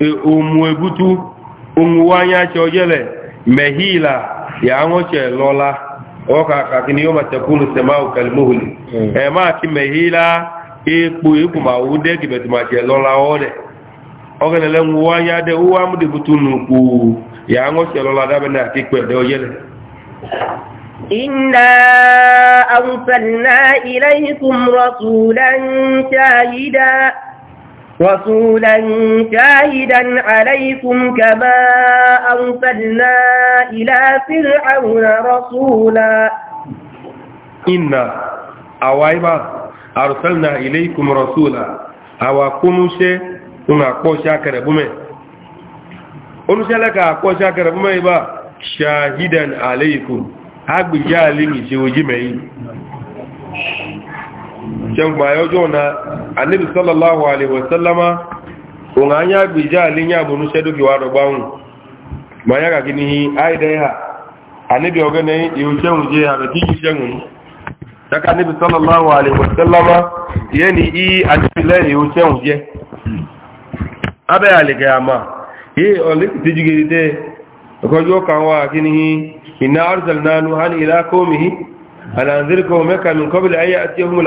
e, umu ibutu umu wanya cho yele mehila ya ngoche lola oka kakini yoma takunu samau kalmuhli mm. e ma ekpo ekpo ma wo de ki beti ma je lola o de o gele le mu wa de wo wa de butu nu ku ya ngo se lola da be na ki pe de o yele inna arsalna ilaykum rasulan shahida رسولا شاهدا عليكم كما أرسلنا إلى فرعون رسولا إنا أوايبا arsalna ilaykum rasula awa kunushe una ko shakara bume onushe laka ko shakara bume ba shahidan alaykum agbija alimi se oji meyi jẹun gba yọjọ́ na anibi sallallahu alaihi wasallama òun a yá gbìjá àlíyàn àbúnúṣẹ́ dókèwà rọ̀gbáhùn ma yára gini aìdẹ́ ha anibi ọgẹ́nẹ́ ìhùṣẹ́hùn jẹ́ àbẹ̀kí ìṣẹ́hùn daga níbi sallallahu alaihi wasallama yẹ́ ni i àjílẹ̀ ìhò tẹ́hùn jẹ́ abẹ́ àlẹ́gẹ̀ àmà yìí ọ̀lẹ́kì tí jùgìrì tẹ́ ọkọ̀jọ́ kan wà kí ni iná arzal nánú hàn ilá kómi alàndírkọ̀ mẹ́ka min kọbílẹ̀ ayé àti ohun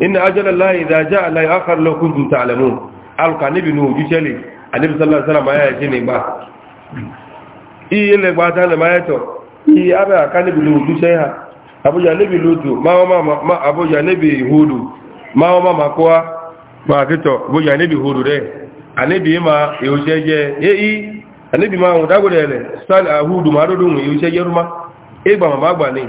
inna ajala la idha jaa la akhar law kuntum ta'lamun alka nibi nu jisele anabi sallallahu alaihi wasallam aya jini ba iye le gba ta le ma eto i abe aka nibi nu jise ha abuja nibi lutu ma ma ma abuja nibi hudu ma ma ma kwa ma kito abuja nibi hudu re anabi ma e o jeje e i anabi ma o dagore le sal ahudu ma do dun e o jeje ruma e gba ma gba ni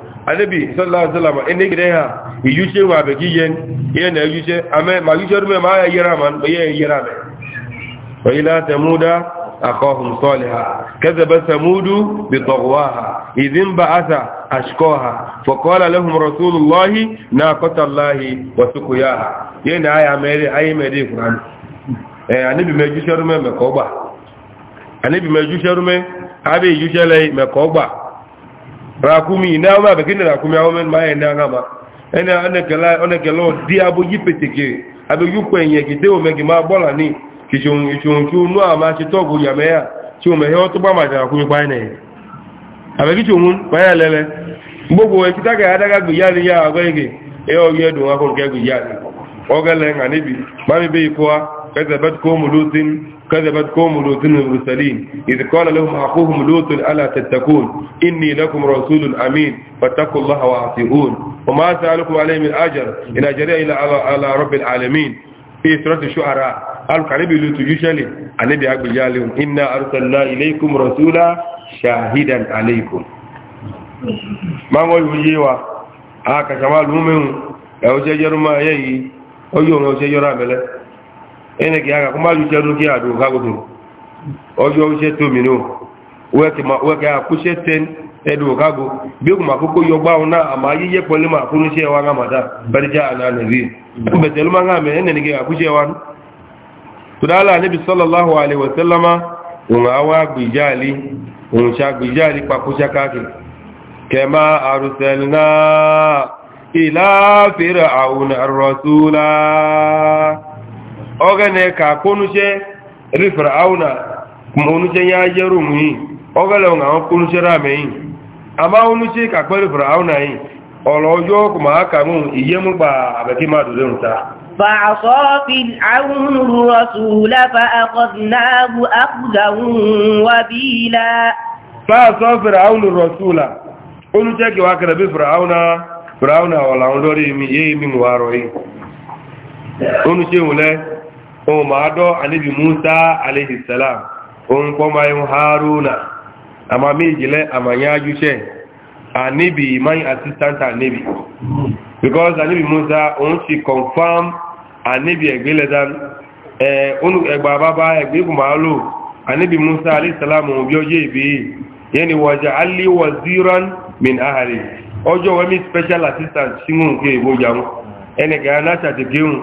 anabi sallallahu alaihi wasallam ene gide ha iyuse wa be giyen ye na iyuse ame ma iyuse me ma ya yera man be ye yera me wa ila tamuda akahum salihah kadhaba samudu bi taghwaha idhin ba'atha ashqaha fa qala lahum rasulullahi naqata allahi wa suqiyaha ye na aya mere ayi mere qur'an eh anabi me iyuse rume me ko gba anabi me iyuse rume abi iyuse le me ko gba rakumi na ma be kini rakumi awo men ma ina nga ma ena anekela onekelo di abo yipeteke abe yupo enye gide o megi ma bola ni kichun kichun ki unu ama ti togu ya meya ti o mehe o to ba ma ja rakumi pa ina abe kichun pa ya lele gbogbo e ti daga daga gbe ya ni ya ago ege e o ye dun akon ke gbe ya ni o gele nga nibi ma mi be ipo a kete bet ko mulutin كذبت قوم لوط المرسلين إذ قال لهم أخوهم لوط ألا تتقون إني لكم رسول أمين فاتقوا الله وأطيعون وما سألكم عليه من أجر إن أجري إلا على رب العالمين في سورة الشعراء قالوا كنبي لوط يشلي النبي أقول جالهم إنا أرسلنا إليكم رسولا شاهدا عليكم ما هو يجيوا هكذا ما المؤمن أو شجر ما يجي أو يوم أو شجر عمله ene ki aga kuma ju cheru ki adu ga ojo to we ti ma we ka ku se ten edu ga go bi ku ma ko yogba ona ama yiye pole ma kunu se wa nga mada barja ana nabi ku ma nga me ene ki ga ku se wa ala nabi sallallahu alaihi wasallama unga wa pa ku sha ka ki kema arsalna ila fir'auna ogene ka kunuje ri fir'auna munuje ya yeru muyi ogele nga kunuje rameyi ama unuje ka kwere fir'auna yi olojo kuma aka mu iye mu gba abeki madu le nta فعصى fi الرسول فأخذناه أخذا وبيلا فعصى فرعون الرسول قلت لك واكر بفرعون فرعون ولا عندوري ohun ma dọ́ anibi musa aleyhisselam ohun kọma yin haruna a e, e e ma méjìlẹ̀ a ma yájú ṣe anibi assistant anibi because anibi musa ohun ti confirm anibi eh ẹgbà bàbá ẹgbẹ́kùn ma lò anibi musa aleyhisselam ohun bí ọjọ́ ìbí yẹni wàjá alí waziran min ahari ọjọ́ wẹ́mí special assistant sínú nǹkan ìbójà ẹnìkan náà ṣàtìkéhùn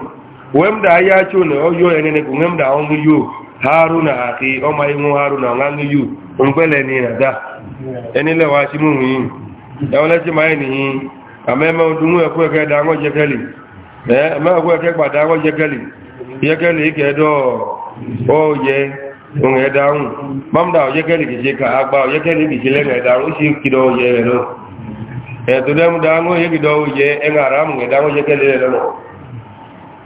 wemda ahịa chune oyo enene ku wemda ọṅụ yu haruna aki ọma ịṅụ haruna ọṅaṅụ yu mgbele ni na da enile wa chi mu yi ewele chi ma ni ameme ya ekwe ke da ngo jekeli eh ama ekwe ka gba da ngo jekeli jekeli ke do oye onge da un mamda oye keli ki je ka agba o. Jekeli ki je le ga da un si kido oye re no eh to dem da ngo ye kido oye en aram nge da ngo jekeli le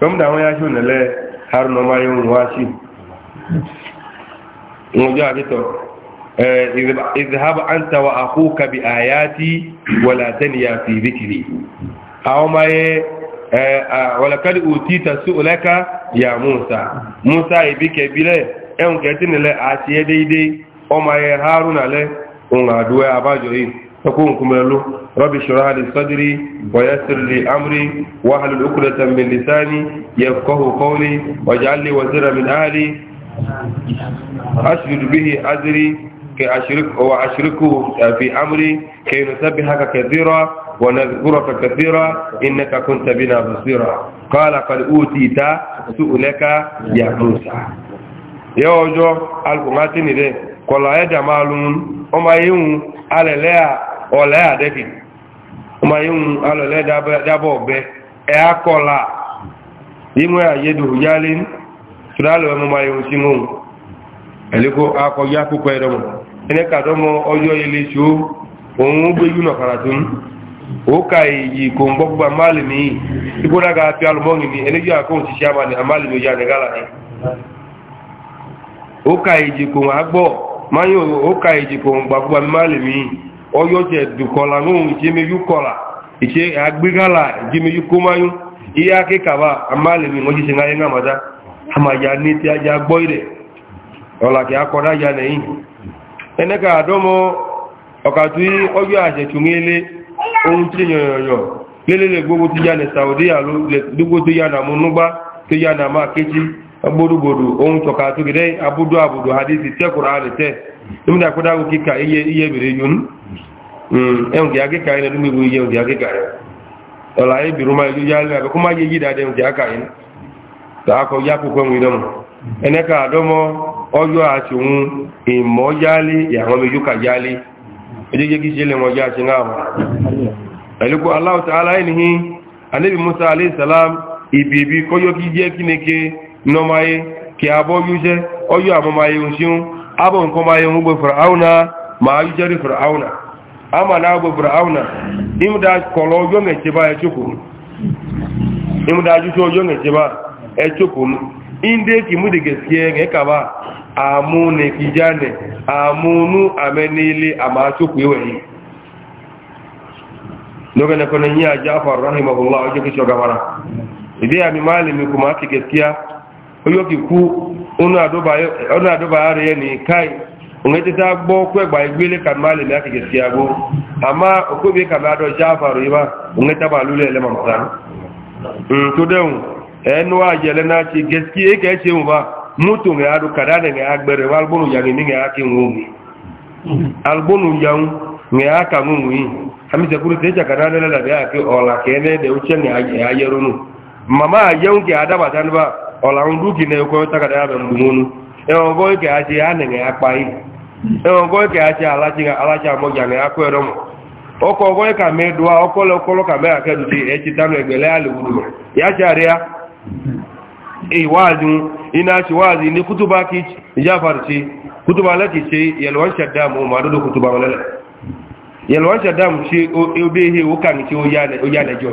fɛn da wọn y'a su nɛlɛ har nɔma ye ŋun waasi ŋun jɔ a bɛ tɔ ɛɛ izhab anta wa akuka bi ayati wala taniya fi zikri aw ma ye eh, ɛɛ ah, wala kadi utita su'laka ya musa musa ye bi kɛ bilɛ ɛn kɛ ti nɛlɛ a o ma ye haruna lɛ ŋun a duwɛ a تكون كمالو ربي شرح لي صدري ويسر لي امري واحلل عقدة من لساني يفقه قولي واجعل لي وزيرا من اهلي اشرد به اجري كي اشرك واشركه في امري كي نسبحك كثيرا ونذكرك كثيرا انك كنت بنا بصيرا قال قد اوتيت سؤلك يا موسى يا وجو القماتني ده كل يا جمال وما يوم على لا ọ̀lẹ́ àdẹ́kì ọmọ yíò alọ̀lẹ́ dábọ̀ ọ̀bẹ́ ẹ akọ́lá yíò àyẹ́dù yálé ṣùdálọ̀ ẹmọ yíò sí mú ẹ̀lẹ́kọ́ akọ̀yá púpọ̀ ẹ̀dọ́mọ̀ ẹnẹ́kàdọ́mọ̀ ọjọ́ èyí kò ń ní ìgbónága ní ẹlẹ́jọ́ àkóhùn ti ṣe àmàlì ní èyí kò ń oyoje dukola ngun jimi yukola ise agbigala jimi yukumayu iya ke kaba amale a ngoji singa yenga mada ama ya ni ti aja gboire ola ke ya nei eneka ya ne alo to ya na munuba to ya na ma keji agbodugodu abudu ìmúdà kódà kó kíkà iye bèrè yún ẹ̀hùn kì í akíkà yẹn lẹ́dúgbò ìwé yẹn kì í akíkà yẹn ọ̀là ayé bìrù máa yóò yálẹ̀ àbẹ́kó má yé yí dáadẹ́ ẹ̀hùn kì í akà yẹn tààkọ̀ yá kókó ẹ̀hùn ìdánwò ẹnẹ́ka àdọ́mọ́ ọjọ́ àti òun ìmọ̀ yálé ìyàwó méjúkà yálé ẹjẹ́jẹ́ kí ṣe lẹ́wọ̀n yá ṣe náà ẹ̀lúkú aláwọ̀ta aláìníhí musa abin kuma yin ugbo fir'auna ma a yi jari fir'auna ama na ugbo fir'auna im da kọlọ ojo ne ce ba ya e cikin im da ajuto ojo ne ce ba ya e cikin inda ki mu da gaskiya ne ka ba amu ne ki ja ne amunu amenile a ma cikin iwayi lókè na kwanan yi a jafar rahimahullah ojo ki shugabara idan ya mi malami kuma ki gaskiya oyo ki ku ọdún àdúbà ààrẹ yẹn ní káì òun ti ta gbọ́ kú ẹgbà ìgbélé kàmálì ní àkìkì sí agbó àmá òkúbi kàmádọ̀ jáfàrò yíwá òun tàbà lúlẹ̀ ẹlẹ́mọ̀ mọ̀tá tó dẹ̀hùn ẹnu àjẹlẹ náà ti gẹ̀ẹ́sì ẹkẹ́ ṣe wùfà mútò rẹ̀ adó kàdánì rẹ̀ agbẹ̀rẹ̀ wà albónú yàrin ní rẹ̀ ákí wọn mama yawunke adaba tan ba ọ̀làrun dúkì ní ẹkọ́ takàdá yàbẹ̀ lùmúnú ẹwọ̀n gọ́ ìkẹ̀ àti ànìyàn apáyé ẹwọ̀n gọ́ ìkẹ̀ àti aláṣà mọ́jà ní akọ́ ẹ̀rọ mọ̀ ọkọ̀ ọgọ́ ìkà mẹ́dùá ọkọ́lọ́kọ́lọ́ kà mẹ́ra kẹ́dùdì ẹ̀ẹ́tì tánú ẹgbẹ̀lẹ́ àlèwùrù mọ̀ yáṣà rí a ìwáàdùn iná ṣe wáàdì ní kútùbá kí ìjáfàrì ṣe kútùbá lẹ́kì ṣe yẹ̀lọ́n ṣẹ̀dáàmù ọmọ àdúdó kútùbá lẹ́lẹ̀ yẹ̀lọ́n ṣẹ̀dáàmù ṣe obéhe ó kà ní ṣe ó yá lẹ́jọ́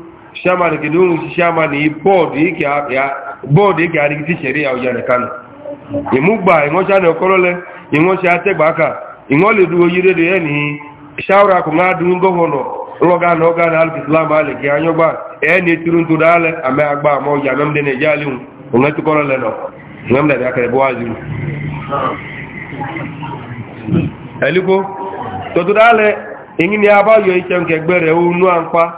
shamani kidungu shamani board iki ya ike iki ti sheria ujanekana imugba ingocha ne okolole ingocha ategbaka ingole duwo yirede eni shawra ko ngadu ngohono ụlọ no ga na Islam ale ki anyogba eni turuntu dale ame agba mo ya memde ne jaliun ngatu kolole no ngamda da kare boazi eliko to dale ingini gbere unu anpa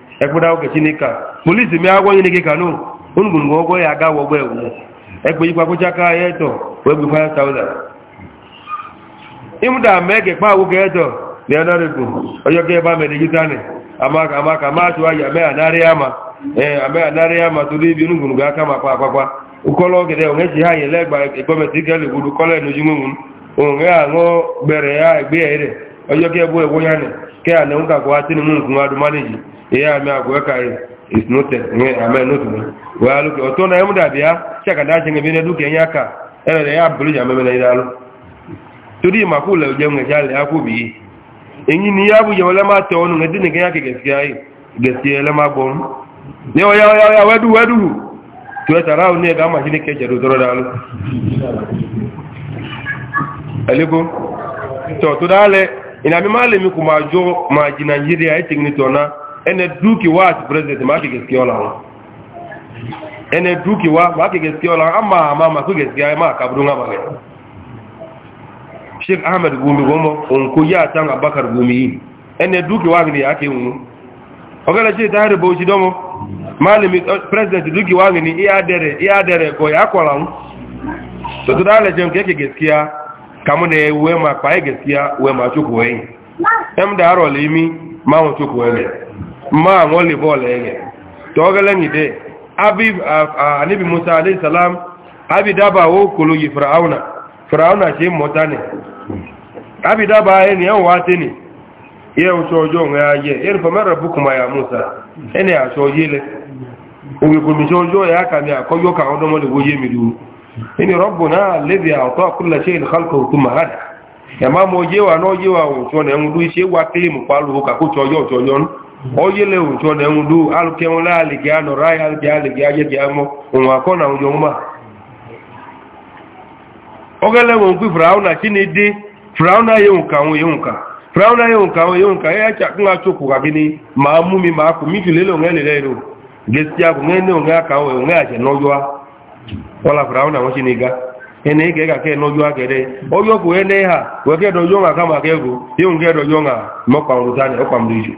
ekpeda ahụ chineke polisi mi agwọ nyere gị ka n onugbu ọgwọ ya aga wọgba egwu ekpe jikwa kwụcha aka ya eto wee gbukwa ya tauda ịmụta mee ka ekpe agwụ ka eto na ya nọrịpụ onye ọka ebe a mere jitani amaka amaka ma atụ aja mee anarị ya ma ee amee anarị ama ma tụrụ ibi onugbu ga aka makwa akwakwa ụkọlọ ogede onwe chi ha nyele gba gọọmentị ikele gburu kọlọ n'oji nwenwu onwe ha ṅụọ gbere ya egbe ya ere onye ọka ebu ewu ya na ke ya na nwoke akwụghatị na nwe nkwu adụmaniji ya mi agwe kai is not me ama not me wa lu ko to na yemu da biya chaka da chinga bine duke nyaka ele ya bulu ya meme na idalo tudi makula uje mwe jale akubi enyi ni yabu ya wala ma to onu ngedi ne yake gaskiya yi gaskiya le ma wedu wedu to ta rawo ne ga ma shi ne ke jaru to to ina mi male mi kuma jo ma jina yiri na ene duki wa ti president ma kike ski ola ene duki wa ma kike ski ola ama ama ma kike ski ma kabru nga ba Sheikh Ahmed Gumi gomo on ko ya tan Abakar Gumi ene duki wa ni yake mu ogala je tare bo ji domo malami eh, president duki wa ni iya dere iya dere ko ya kola mu to to dale je kike gaskiya kamu ne we ma pa gaskiya we ma chukwoi em da ro limi ma won chukwoi máa wọ́n lè bọ́ọ̀lẹ̀ ẹ̀yẹ̀ tọ́gẹ́lẹ́nìdẹ́ anibi musa alaihissalam abi daba o koloyi fir'auna fir'auna ṣe mọ́ta ne abi daba ẹni yawon wá tẹ́ ni yẹ oṣù ọjọ́ ọ̀rẹ́ ayẹ ẹni fọmẹ́rẹ̀ bukuma musa ẹni aṣọ yílẹ̀ òwèkòmíṣẹ́ ọjọ́ ẹ̀ akàmì àkọ́yọ́ ka ọdún mọ́lẹ̀ wóyé mi dúró ẹni rọ́bù náà lẹ́bi àwọ̀tọ́ àkúlẹ̀ ṣe ìlúkàlùkọ̀ òtún mahada ẹ̀ma mọ́ yéwà náà yéwà òṣùwọ̀n ẹ̀ ń rú iṣẹ́ wá oyele ya na ngudu aluke ona alikia no rai na ụmụ aje kiamo unwa kona ujongma ogele won ku frauna kini di frauna ye unka won ye unka frauna ye unka won ye unka ya e cha kunga chuku ka kini ma mumi ma ku mi tulele ngele lelo gesia ku ngene ya ka wala ga ene ke ka ke nojwa gere oyo ku ene ha we ke dojo ma kama ke ku ye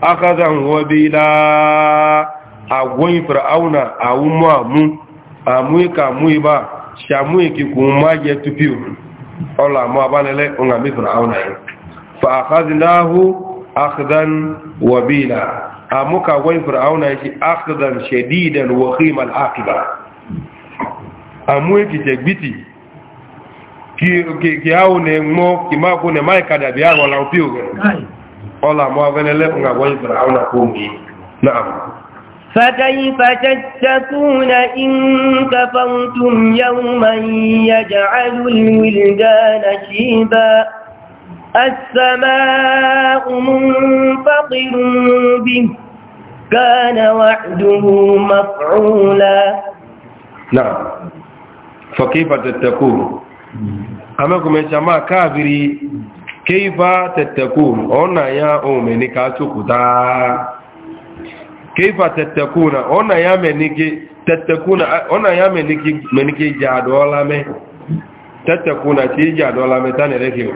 akazan wabila agwon fir'auna a umu amu amu ka mu ba shamu ki kuma ya tupiu ola mu abanele unga mi fir'auna fa akhadnahu akhdan wabila amuka agwon fir'auna shi akhdan shadidan wa khimal aqiba amu ki ki ki ki hawo ne mo ki ma ko ne mai kada bi awo la opiu ọlá mọ́ abẹ́nẹ́lẹ́ fún àwọn ìbìràún àkóhùnmí náà فكيف تتكون إن كفرتم يوما يجعل الولدان شيبا السماء منفطر به كان وعده مفعولا نعم فكيف تتكون أماكم يا جماعة كافري keifa tattakun ona ya omeni ka chukuta keifa tattakuna ona ya meniki tattakuna ona ya meniki meniki jadola me tattakuna ti jadola me tane rekio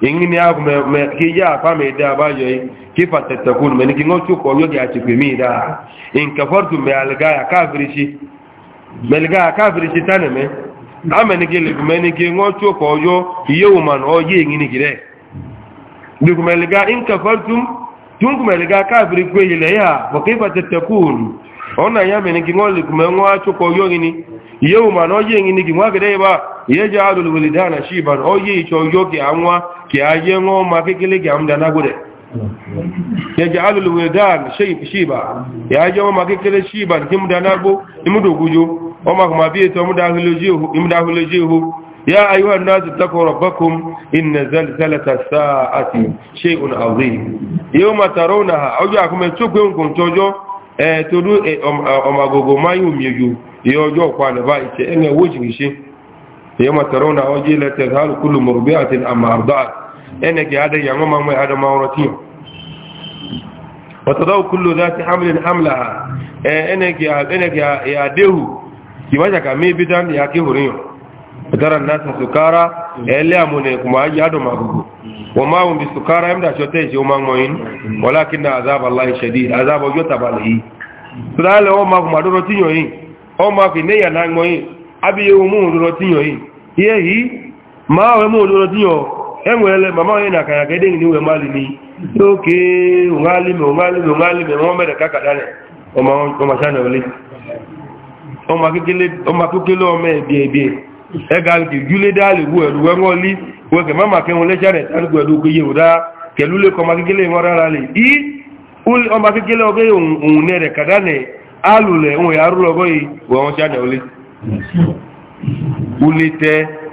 ingini abu me, me ki ya pa me da ba yo keifa tattakun meniki ngochu ko yo ya chikwe mi da in kafartu me melga ya kafirishi tane me ndamenige lekumenige ng'ochuo koyo iyewuman oyeng'ini gire ndikumeliga inkafartum tungumeliga kafiri kweileya wakaifa tetekun ona yamenige ng'o likume ng'oachuo koyo ng'ini iyewuman oyeng'ini gimwagireiba yejaalulwilidana shiban oyeicho yo kiang'wa kiaye ng'oma kikili giamdanagure yẹjẹ alùlùwẹ̀dán ṣíbà yàá jẹ́ ọmọ kékeré ṣíbà kí mú dáná gbó imúdògújó ọmọ akọ̀mà bí ètò imúdáhùlójí ihò yá ayúwà náà ti takọrọ bákún iná zalzalata sáàtì ṣe un àwẹ̀ yíò ma tàrọ na ha ọjọ́ àkọmẹ tó pé nǹkan tọjọ́ ẹ̀tọ́rú ọmọgógó máyùn miyu yíò ọjọ́ ọ̀pá nàbá ìṣẹ́ ẹ̀ngẹ̀ wó jìnṣẹ́ yíò ma tàrọ na ọjọ́ ilẹ̀ tẹ̀sán kúlù mọ̀rọ̀bí àti àmà àrùdá ẹnẹ̀kẹ̀ adẹ́yà máa mọ́ adamawọn tíyàn watazaw kullu dhati hamlin hamlaha enegi enegi ya dehu kiwaja kami bidan ya kihurinyo tara nasa sukara ele amune kuma yado magugu wama hum bisukara imda chote je umangoin walakin azab allah shadid azab enweele mama onye na akanya ga deng iwe malimi oke ongalimi ongalimi ma nwa mere ka ka ole ọmakekele ọma ebie ebie ẹga jule dali gwelu we ṅụli wege ma ka i ọmakekele oge onwunere ka dane alụle nwe ya arụrụ ogoyi wee na ole e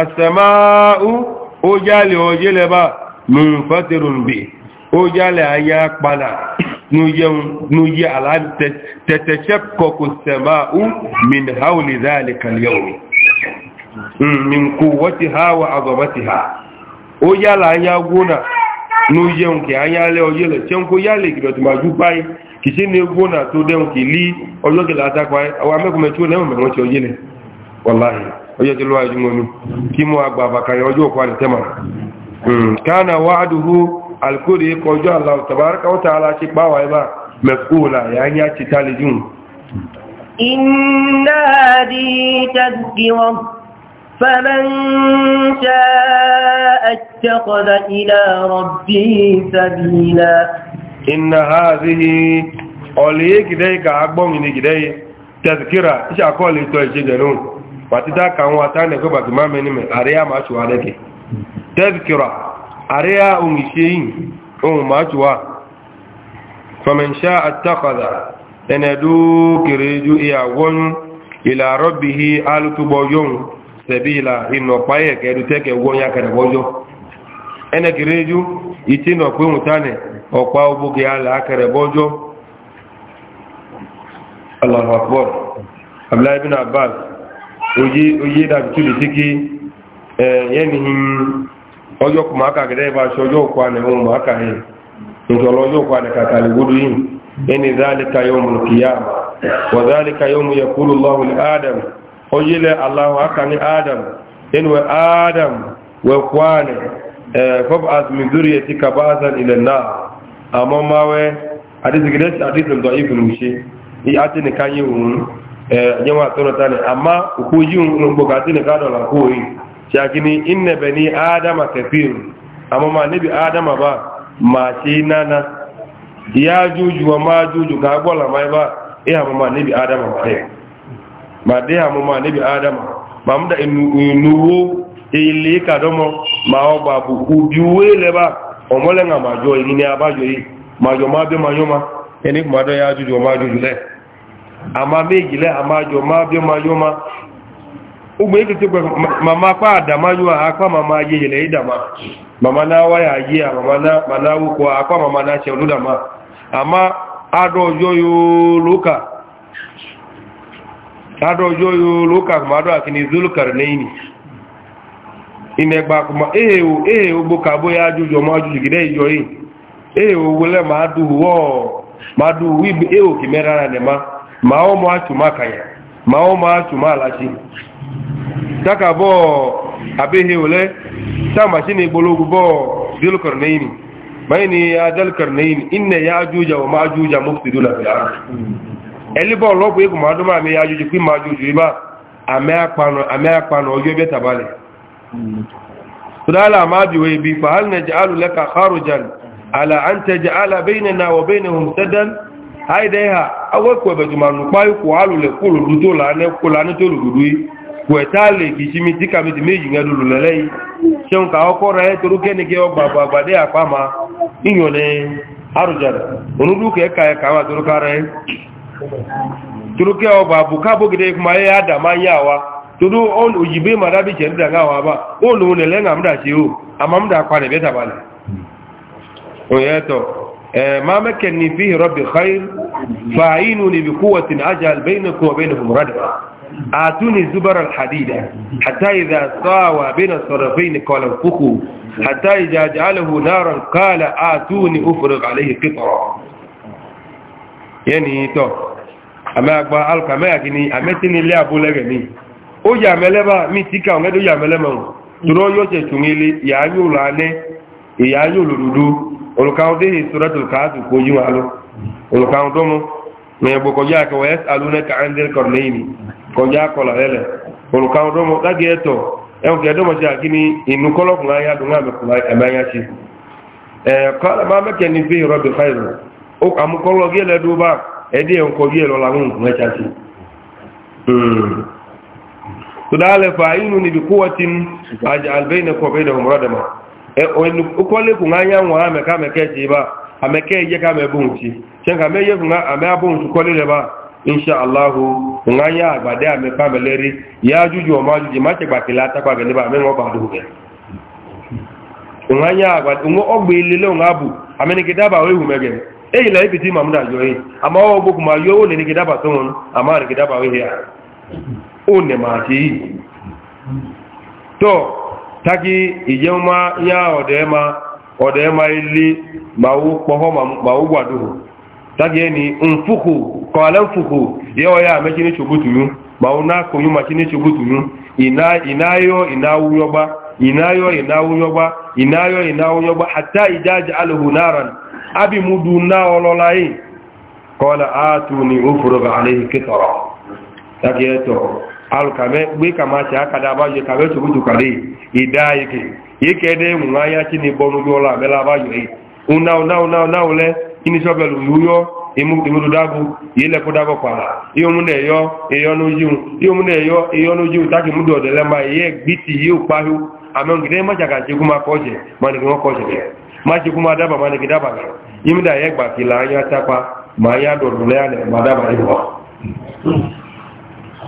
àsẹ̀máà ó jálẹ̀ ọjẹ́ lẹ́bà mùfẹ́tẹ̀rùn bè ó jálẹ̀ ayá padà núyẹ àlátẹ̀tẹ̀ṣẹ́ kọkù sẹ̀máà min haúlì záàlẹ̀ hmm, min ha ní gbóná tó dẹ́hùn kì lí ọjọ́ kìlá àwọn amẹ́kùnmẹ́ tí ó lẹ́wọ̀n mẹ́wọ́n ti oye ti lo ajumonu ki mo agba abakan ojo ko ale tema mm kana wa'duhu alkuri ko jo allah tabaaraka wa ta'ala ti pa wa ba maqula ya nya inna di tadbira فمن شاء اتخذ إلى ربه سبيلا إن هذه أوليك ذيك عقبهم إنك ذيك تذكرة إيش أقول لك تأشيد نون patita kan wata ne ko bati mame ni me area ma chuwa de ke tazkira area un isheyin un ma chuwa faman sha'a attakhadha ene du iya won ila rabbih altubo yon sabila ino paye ke du teke won ya kare bojo ene kireju itino ala kare bojo oye oye dàbí tó lè tíkí yẹ́ni ọjọ́ kò máa kàkẹ́dẹ́ bá ṣe ọjọ́ òkú ànà ohun máa kàáyé nítorí ọjọ́ òkú ànà kàkà lè gúdú yìí yẹ́ni záàlìkà yóò mú kìyà wà záàlìkà yóò mú yẹ kúrò lọ́wọ́ ní adam oye lẹ aláwọ̀ aka ní adam yẹ́ni wẹ adam wẹ kú ànà fọ́b azmizuri yẹ ti kaba azan ilẹ̀ náà àmọ́ máa wẹ́ adísìgídẹ́sì adísìgídẹ́ ìbùnú ṣe ní àti nìkan yìí wùn Eh, jamaa tono tani amma kuji bukati ne kado la kuyi shakini inna bani adama kathir amma ma nabi adama ba ma shi nana ya juju wa ma juju ka gola mai ba eh amma ma nabi adama ba eh ma dai amma ma nabi adama ma mu da inuwo ile ka domo ma o gba bu ubi wele ba omole nga ma yi, ni ni abajo yi ma jo ma be ma yo ma eni ma do ya juju ma juju le àmà méjìlẹ́ àmà àjọ máa bí ọmọ yóò máa ogun èkì tí pẹ̀ màmá pa àdàmá yóò àpá màmá ayé ilẹ̀ ìdàmá màmá náà wáyà ayé àmà náà wúkọ àpá màmá náà ṣe olúdàmá àmà adọ́jọ́ yóò lókà adọ́jọ́ yóò lókà kùmádọ́ àti ní zulukar lẹ́yìn ìnẹgbà kùmá èhè eh, ogbó oh, eh, oh, kàbóyá ajújọ mọ́ ajújù gídẹ́ ìjọ yìí èhè eh, ogbó oh, lẹ́ máa dùn wọ́ máa dùn wíbi èhò kìmẹ́rára nẹ̀ máa máa ọmọ àtùmá kàyà máa ọmọ àtùmá aláṣẹ takàbọ̀ abéhe olẹ́ sáàmà sí ni gbólógún bọ́ délùkọ̀rọ̀ náà ni báyìí ni adélùkọ̀rọ̀ náà ni inna ya ajújà wọ máa ajújà mọ́kùtìdó làbẹ̀rẹ̀ ẹlẹ́bọ̀ lọ́pù ikú máa dọ́mà àmì ajújù pí máa ajújù ibá àmì apanu ọjọ́ bẹ́ tàbálẹ̀ sọ́dálà máa bí wẹ́ ibi fàhálì na jẹ́ alùlẹ́ka kharujan ala an tẹ jẹ́ alà bẹ́yìn náà wọ bẹ́yìn aideha awekwebetumanu kpai kwụ alụle kwụlụdutụlanetolugudu kweta le kichimiti ka miti meji nye lululele chenwu ka ọkọrọ ya toru kene gị ọgbagba de akpa ma inyone arụjara onudu ka e ka ya ka ma torukarị toruke ọgba bụ ka bụgide kuma e ada ma ya wa toru ojibe ma dabi che ga wa ba ụlọ unele na mdachi o ama mda akwa na tabalị oye to ما مكنني فيه ربي خير فاعينوني بقوة أجعل بينكم وبينهم ردفا آتوني زبر الحديد حتى إذا ساوى بين الصرفين قال انفخوا حتى إذا جعله نارا قال آتوني أفرغ عليه قطرا يعني تو أما أكبر ألقى ما يكني أمتني اللي أبو لغني ó yà mẹ́lẹ́bà mí tí ká ọ̀gẹ́dọ̀ yà mẹ́lẹ́mọ̀ tó rọ́ yóò tẹ̀ tún ilé ìyá yóò lọ alẹ́ ìyá yóò lòdòdó olukaw dehi suratul kaafi ko yima alo olukaw domo mais bo ko jaake wa yasalunaka an dhil qarnayni ko jaakola ele olukaw domo dage to en ke domo ja kini inu kolo ya dunga be ko ya ci e qala ma maka ni fi rabbi khair o am la mun ma cha ci hmm ni bi quwwatin aj'al bainaka ụkwọlekwu e, na anyanwụ ha meka meke ji ebe a ameke ihe ka mebe nchi che ka meje na ame abụ nchi kwolileba insha allahu na anya agbade ameka meleri ya ajụjụ ọma ajụjụ ma chekwa kele atakwa gị n'ebe amenwe ọgbado uwe nwa anya agbade nwe ọgba nwa bụ amenigidaba ewu mege eyila ebite ma m na ajụ oyi ama ọ gbokwu ma yụọ one nigidaba to nwụrụ ama nigidaba ya one ma taki ijema ya odema odema ili mawu poho mawu gwadu taki ni mfuku kala mfuku yo ya mechini chugutu mauna kunyu machini chugutu ina inayo inawuyoba inayo inawuyoba inayo inawuyoba hatta ijaja alahu naran abi muduna ololai kala atuni ufruga alayhi kitara taki eto alukame gbe kama tsi akada aba yɔ kame tso kutu kade ida yi ke yi ke ɖe ŋun ni bɔnu la la aba yɔ yi unawo nawo nawo nawo lɛ inisɔbɛlu yuyɔ emu emudu dago yi lɛ kodabɔ kpala yi omu ne yɔ eyɔ no dziwu yi omu ne yɔ eyɔ no dziwu taki mu lɛ ma yɛ gbiti yi o kpa yio ameŋu gɛdɛ ma anya takpa ma lɛ ya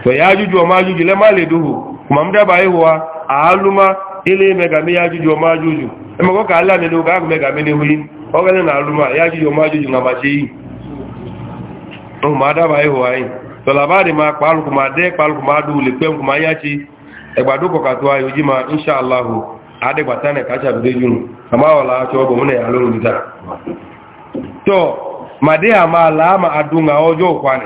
to ya ajuju ọma ajuju le ma le duhu kuma m daba ịhụwa alụma ile megame ya ajuju ọma ajuju emekọ ka ala mene oge agụ megame na yi ogele na alụma ya ajuju ọma ajuju na machi iyi ohun ma daba ịhụwa anyị tọla ba dị ma kpalụkụ ma dee kpalụkụ ma adụ ule kpem kuma anya chi egbado kọkatụ anyị oji ma insha allahu adịgbata na kacha bido junu ama ọla achọ ọbụ mụ na ya alụrụ taa tọ ma dị ama ala ama adụ nga ọjọọ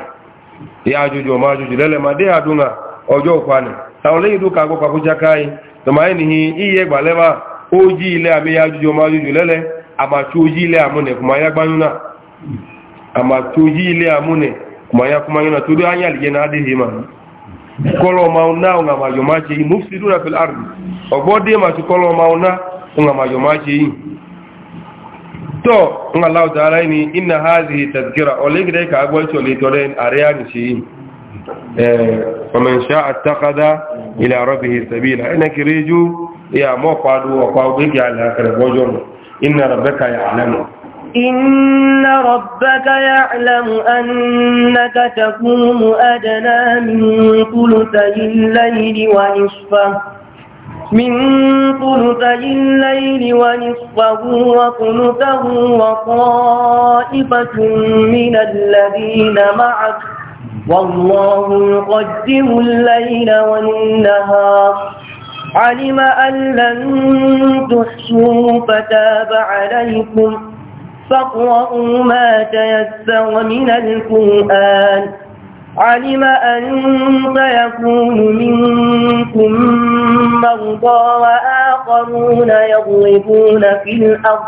ya ajuju ma ajuju lele ma de adunga ojo kwane tawle idu ka go pabuja kai to mai iye gbalema oji ile ami ya ajuju ma ajuju lele ama chuji ile amune kuma ya gbanyuna ama chuji amune kuma ya kuma yuna anya liye na adihi ma mauna unga majomaji mufsiduna fil ardi obode ma mauna unga to in Allah ta'ala ni inna hadhihi tadhkira olegre ka agwacho le toren ariani shi eh faman sha'a taqada ila rabbih sabila ina kiriju ya mo padu o pa gbe ala kare bojo inna rabbaka ya'lamu إن ربك يعلم أنك تقوم من ثلثي الليل ونصفه وثلثه وطائفة من الذين معك والله يقدم الليل والنهار علم أن لن تحصوا فتاب عليكم فاقرؤوا ما تيسر من القرآن علم أن سيكون منكم مرضى وآخرون يضربون في الأرض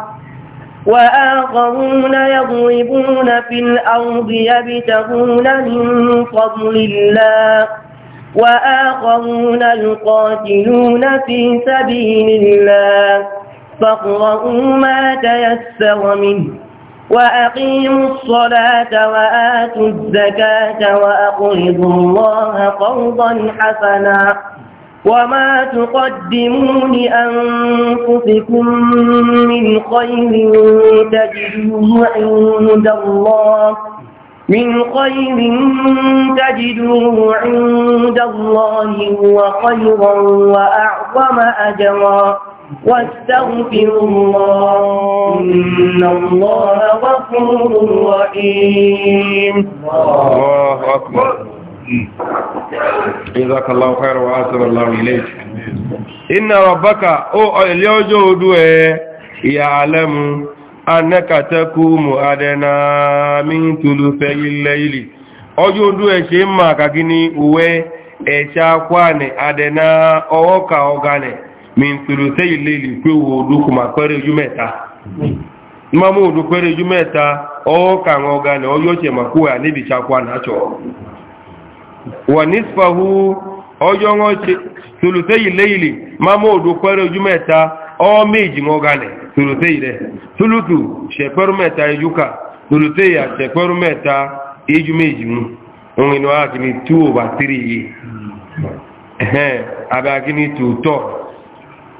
وآخرون يضربون في الأرض يبتغون من فضل الله وآخرون يقاتلون في سبيل الله فاقرؤوا ما تيسر منه وأقيموا الصلاة وآتوا الزكاة وأقرضوا الله قرضا حسنا وما تقدموا لأنفسكم من خير تجدوه عند الله من خير تجدوه عند الله هو خيرا وأعظم أجرا واستغفروا الله إن الله غفور رحيم الله أكبر جزاك الله خير وآسر الله إليك إن ربك أو اليوجو دوه يعلم أنك تقوم أدنى من ثلثي الليل ọjọ́ dúẹ̀ ń máa kàkí ní òwe ẹ̀ṣà kwáàni àdẹ̀nà ọwọ́ka ọ̀gánẹ̀ min tulutei leli kwe wo odu kuma kwere ju meta mama odu kwere ju meta o ka ngoga ne oyo che makuwa ni bicha kwa nacho wa nisfahu oyo ngoche tulutei leli mama odu kwere ju meta o meji ngoga ne tulutei de tulutu sheperu meta ejuka tulutei ya sheperu meta eju meji mu onwe no akini 2 over 3 ehe abakini 2 to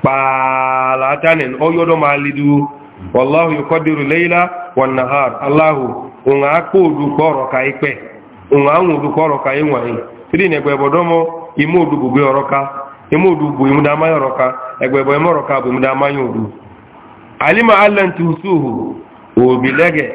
kpaala atanin oyodo malidu wallahu yukadiru leila wannahar allahu unga kpodu kporo ka ikpe unga anwudu kporo ka inwai tiri na egbe bodomo imu odu bugbe oroka imu odu bu imu oroka egbe bu odu alima obilege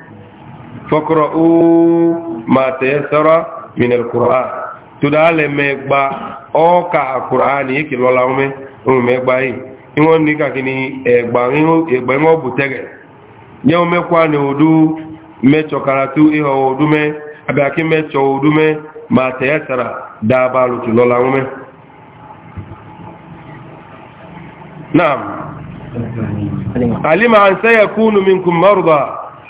فقرؤوا ما تيسر من القرآن تدال ميغبا او كا القرآن يكي لولا اومي ميغبا اي iwọn ní kàkiri ẹgbà ẹgbà ọbù tẹ́gẹ̀ ní ọmọ ẹkọ́ ní odú mẹ́tọ̀ karatu ihọ̀ odú mẹ́ abẹ́akí mẹ́tọ̀ odú odume ma tẹ̀yẹ́ sára alima an minkum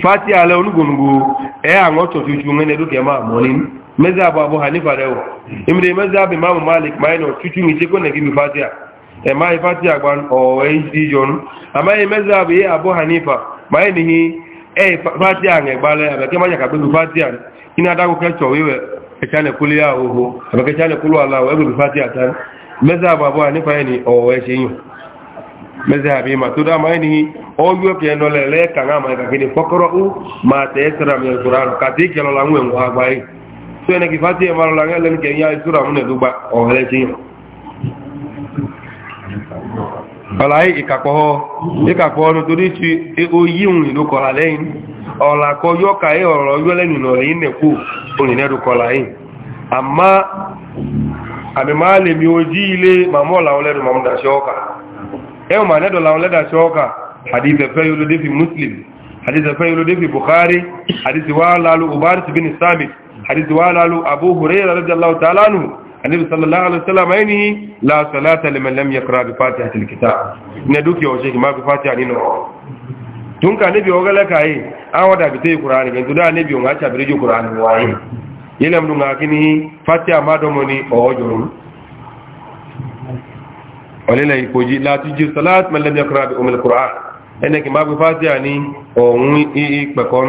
fati ala olugongo e ango to tutu ngene duke ma monin meza abu abu hanifa rewo imre meza abu imam malik maino tutu ni te kone gibi fatia e mai fatia gban o e dijon ama e meza abu ye abu hanifa maini hi e fatia nge gbale abeke manya ka bi fatia ina da ko kecho wewe e chane kuli ya oho abeke chane kulu ala wewe bi fatia tan meza abu abu hanifa ni o e shinyo mazhabi ma to da ma ni o pe no le le ma ka kini fakra u ma ta yasra min alquran ka ti ke lo la nwe wa gba yi so ne ki e ma lo la ngale ni ke ya sura mu ne o hele ti yi ka ko ho e ka ko no to ri ti e o ka e o yo le ni no le ni ku o ni ne du la yi ma le mi oji ile o le ẹwọ ma nẹ́dọ̀lá wọn lẹ́dà ṣọ́ọ́kà àdìsẹ̀fẹ́ yolóde fi muslim àdìsẹ̀fẹ́ yolóde fi buhari àdìsíwá lálù ubaris bin samit àdìsíwá lálù abu hurairah radiyallahu ta'ala anhu annabi sallallahu alaihi wasallam ainihi la salata liman lam yaqra bi kitab ne duki ma bi fatiha ni no tun kai an wada bi tay qur'ani gan to da nabi on acha bi qur'ani waye fatiha ma domoni ọ̀lẹ́lẹ̀ ìkòjì láti jí salat mẹ́lẹ́bí ọkùnrin àbí omi kùrán ẹnẹ́kì máa gbé fásíà ní ọ̀hún ìpẹ̀kọ́n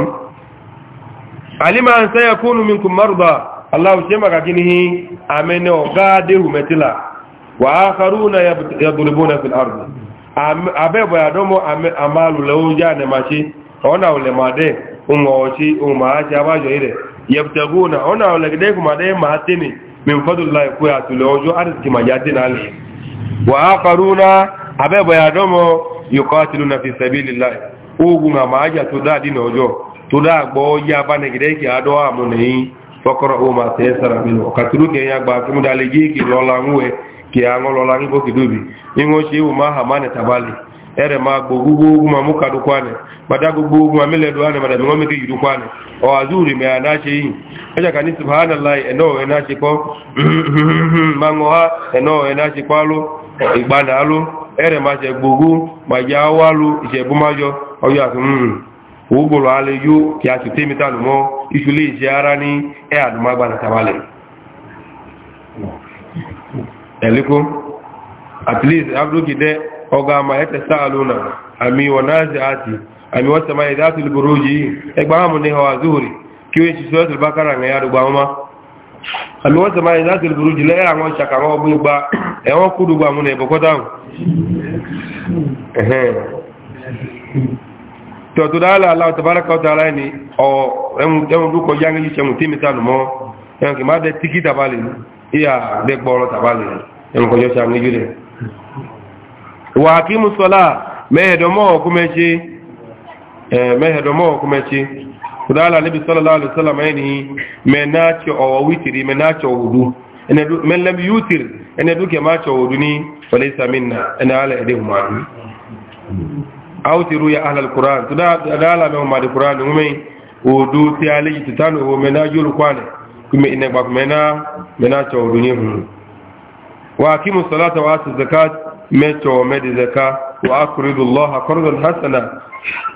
alima an saya kunu minkum marda allah ṣe maka ginihi amene ọ̀gá déhù mẹ́tílà wà á karúnà yadurubuna fil ardu abẹ́bọ̀ àdọ́mọ́ amálùlẹ̀ ó já nẹ̀ máa ṣe ọ̀nà ọ̀lẹ̀ máa dẹ̀ ohun ọ̀ṣí ohun máa ṣe abájọ ilẹ̀ yabtaguna ọ̀nà ọ̀lẹ̀ gẹ́gẹ́ kùmàdẹ́ máa tẹ́ni min fadùlá ìkú àtùlẹ̀ ọjọ́ àdìsí màjá tẹ́nà lẹ́yìn وآخرون أبابا يا دومو يقاتلون في سبيل الله ogun amaja to da dina ojo to da gbo ya ba ne gide ki ado amu ni fokoro o ma se sara mi o katuru ke ki lo la ki a ngo ni ngo shi o mane tabali ere ma gugu ogun ma muka du gugu ogun ma mele do o azuri me ana shi yi aja kani subhanallahi eno ena shi ko eno ena shi ìgbàdà ló ẹ̀rẹ̀ máa ṣe gbogbo màjá wá ló ìṣẹ̀bú máa yọ ọjọ́ àti mún òwúgbòrò alẹ́ yóò kí a sì tẹ́mi tànù mọ́ iṣu lè ṣe ara ní ẹ̀ àdùmágbàdà tàbálẹ̀ ẹ̀lẹ́kọ́ at least abdókìdẹ́ ọgá àmà ẹ̀tẹ̀ sáà lónà àmì wọ̀náàzì àti àmì wọ́n sẹ̀máyé dátìlì àmì wọ́n sọ̀rọ̀ ayé láti ìbúrú jù lẹ́yìn àwọn ṣàkà àwọn ọgbọ́n gba ẹ̀wọ́n kúrò gba àwọn ẹ̀bọ̀ kọ́tàrùn tọ̀tọ̀ dáhàlà aláwọ̀ tàbárakà ọ̀tà ara ẹni ẹ̀wọ̀n dúkọ yángẹ́lì ṣẹ̀wọ̀n tí mìtánù mọ́ ẹ̀wọ̀n kì má dẹ tíkì tàbálẹ̀ ìyà gbẹ́gbọ́rọ̀ tàbálẹ̀ ẹ̀wọ̀n kọjọ́ ṣàmìjú rẹ̀ wà kí mú sọlá mẹ́ẹ̀dọ́mọ́ ọkùnmẹ́ṣe kudala nabi sallallahu alaihi wasallam yani menacho o witiri menacho wudu ene du men lam yutir ene du ke macho wudu ni walaysa minna ene ala ede ma autiru ya ahla alquran kudala me ma alquran ngumei wudu ti ali titano wo menajo lukwane kuma ine ba mena menacho wudu ni hu wa aqimu salata wa atu zakat mecho medi zakat wa aqridu allaha qardan hasana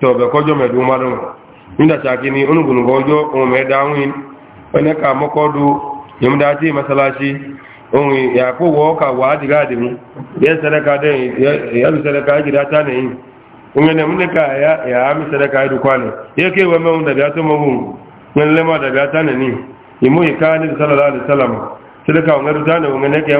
tọ̀bẹ̀ kọjọ́ mẹ̀dún márùn nídàtàkì ni onúgbùnùgbọ́ ọjọ́ ohun mẹ́dáwìn ẹnẹ́ka mọ́kọ́dù ìmúdájí masalasi ohun ìyàkówọ́ ọkà wà ádìgáàdì mú yẹ́ sẹ́lẹ́ka dẹ́yìn ìyàlù sẹ́lẹ́ka ìjìdá tánẹ̀yìn ohun ẹ̀nà múnẹ́ka ìyàmí sẹ́lẹ́ka ìdùkwánẹ̀ yẹ́ kí ìwẹ́ mẹ́rin dàbí atọ́mọ́hùn mẹ́lẹ́mọ́ dàbí atánẹ̀ ní ìmú ìká ní sẹ́lẹ́ka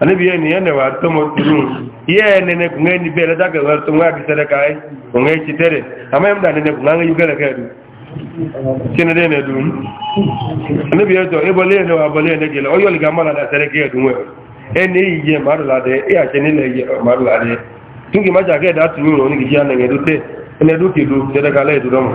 anabi yɛ ni yɛnɛ waa tɔmɔ tunu yɛ nɛnɛ kun ŋɛɛ ni bɛɛ la taa gɛlɛya tɔmɔ ŋa kisɛ dɛ k'a ye o ŋɛɛ ci tɛ dɛ a ma da nɛnɛ kun ŋa ŋa yu gɛlɛ kɛ dun tiɲɛ dɛ nɛ dun anabi yɛ tɔ e bɔlen yɛ ne wa bɔlen yɛ ne gɛlɛ o yɔli ka ma la da sɛrɛ kɛ dun wɛ e ne y'i jɛ maa dɔ la dɛ e y'a cɛ ne la yɛ maa dɔ la dɛ tun k'i ma jà kɛ da tunu o ni k'i jɛ nɛgɛ do tɛ nɛ do k'i do sɛdɛ k'ale yɛ do dɔn ma.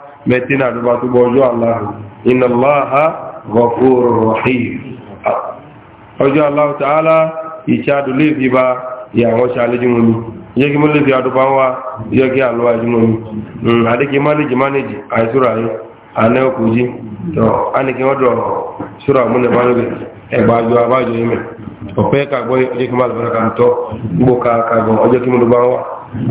meet na adbata ụgbọ ojọ ala aala hicha dulea ya wụchalioyi jọị m adụba nwa joị alụoi iagịna bagị baọbọ ime oe ka agbọghị ọjọgị madụ bara ka ntọ mbụaa gụ jọkị mdụa nwa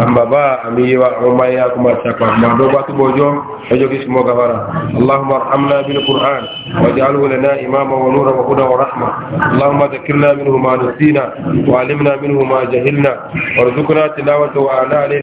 أمبابا أميوا أمبايا كما تشاكوا ما دوبا تبوجو أجو كسمو غفارا اللهم ارحمنا بالقرآن واجعله لنا إماما ونورا وهدى ورحمة اللهم ذكرنا منه ما نسينا وعلمنا منه ما جهلنا وارزقنا تلاوته وأنا عليه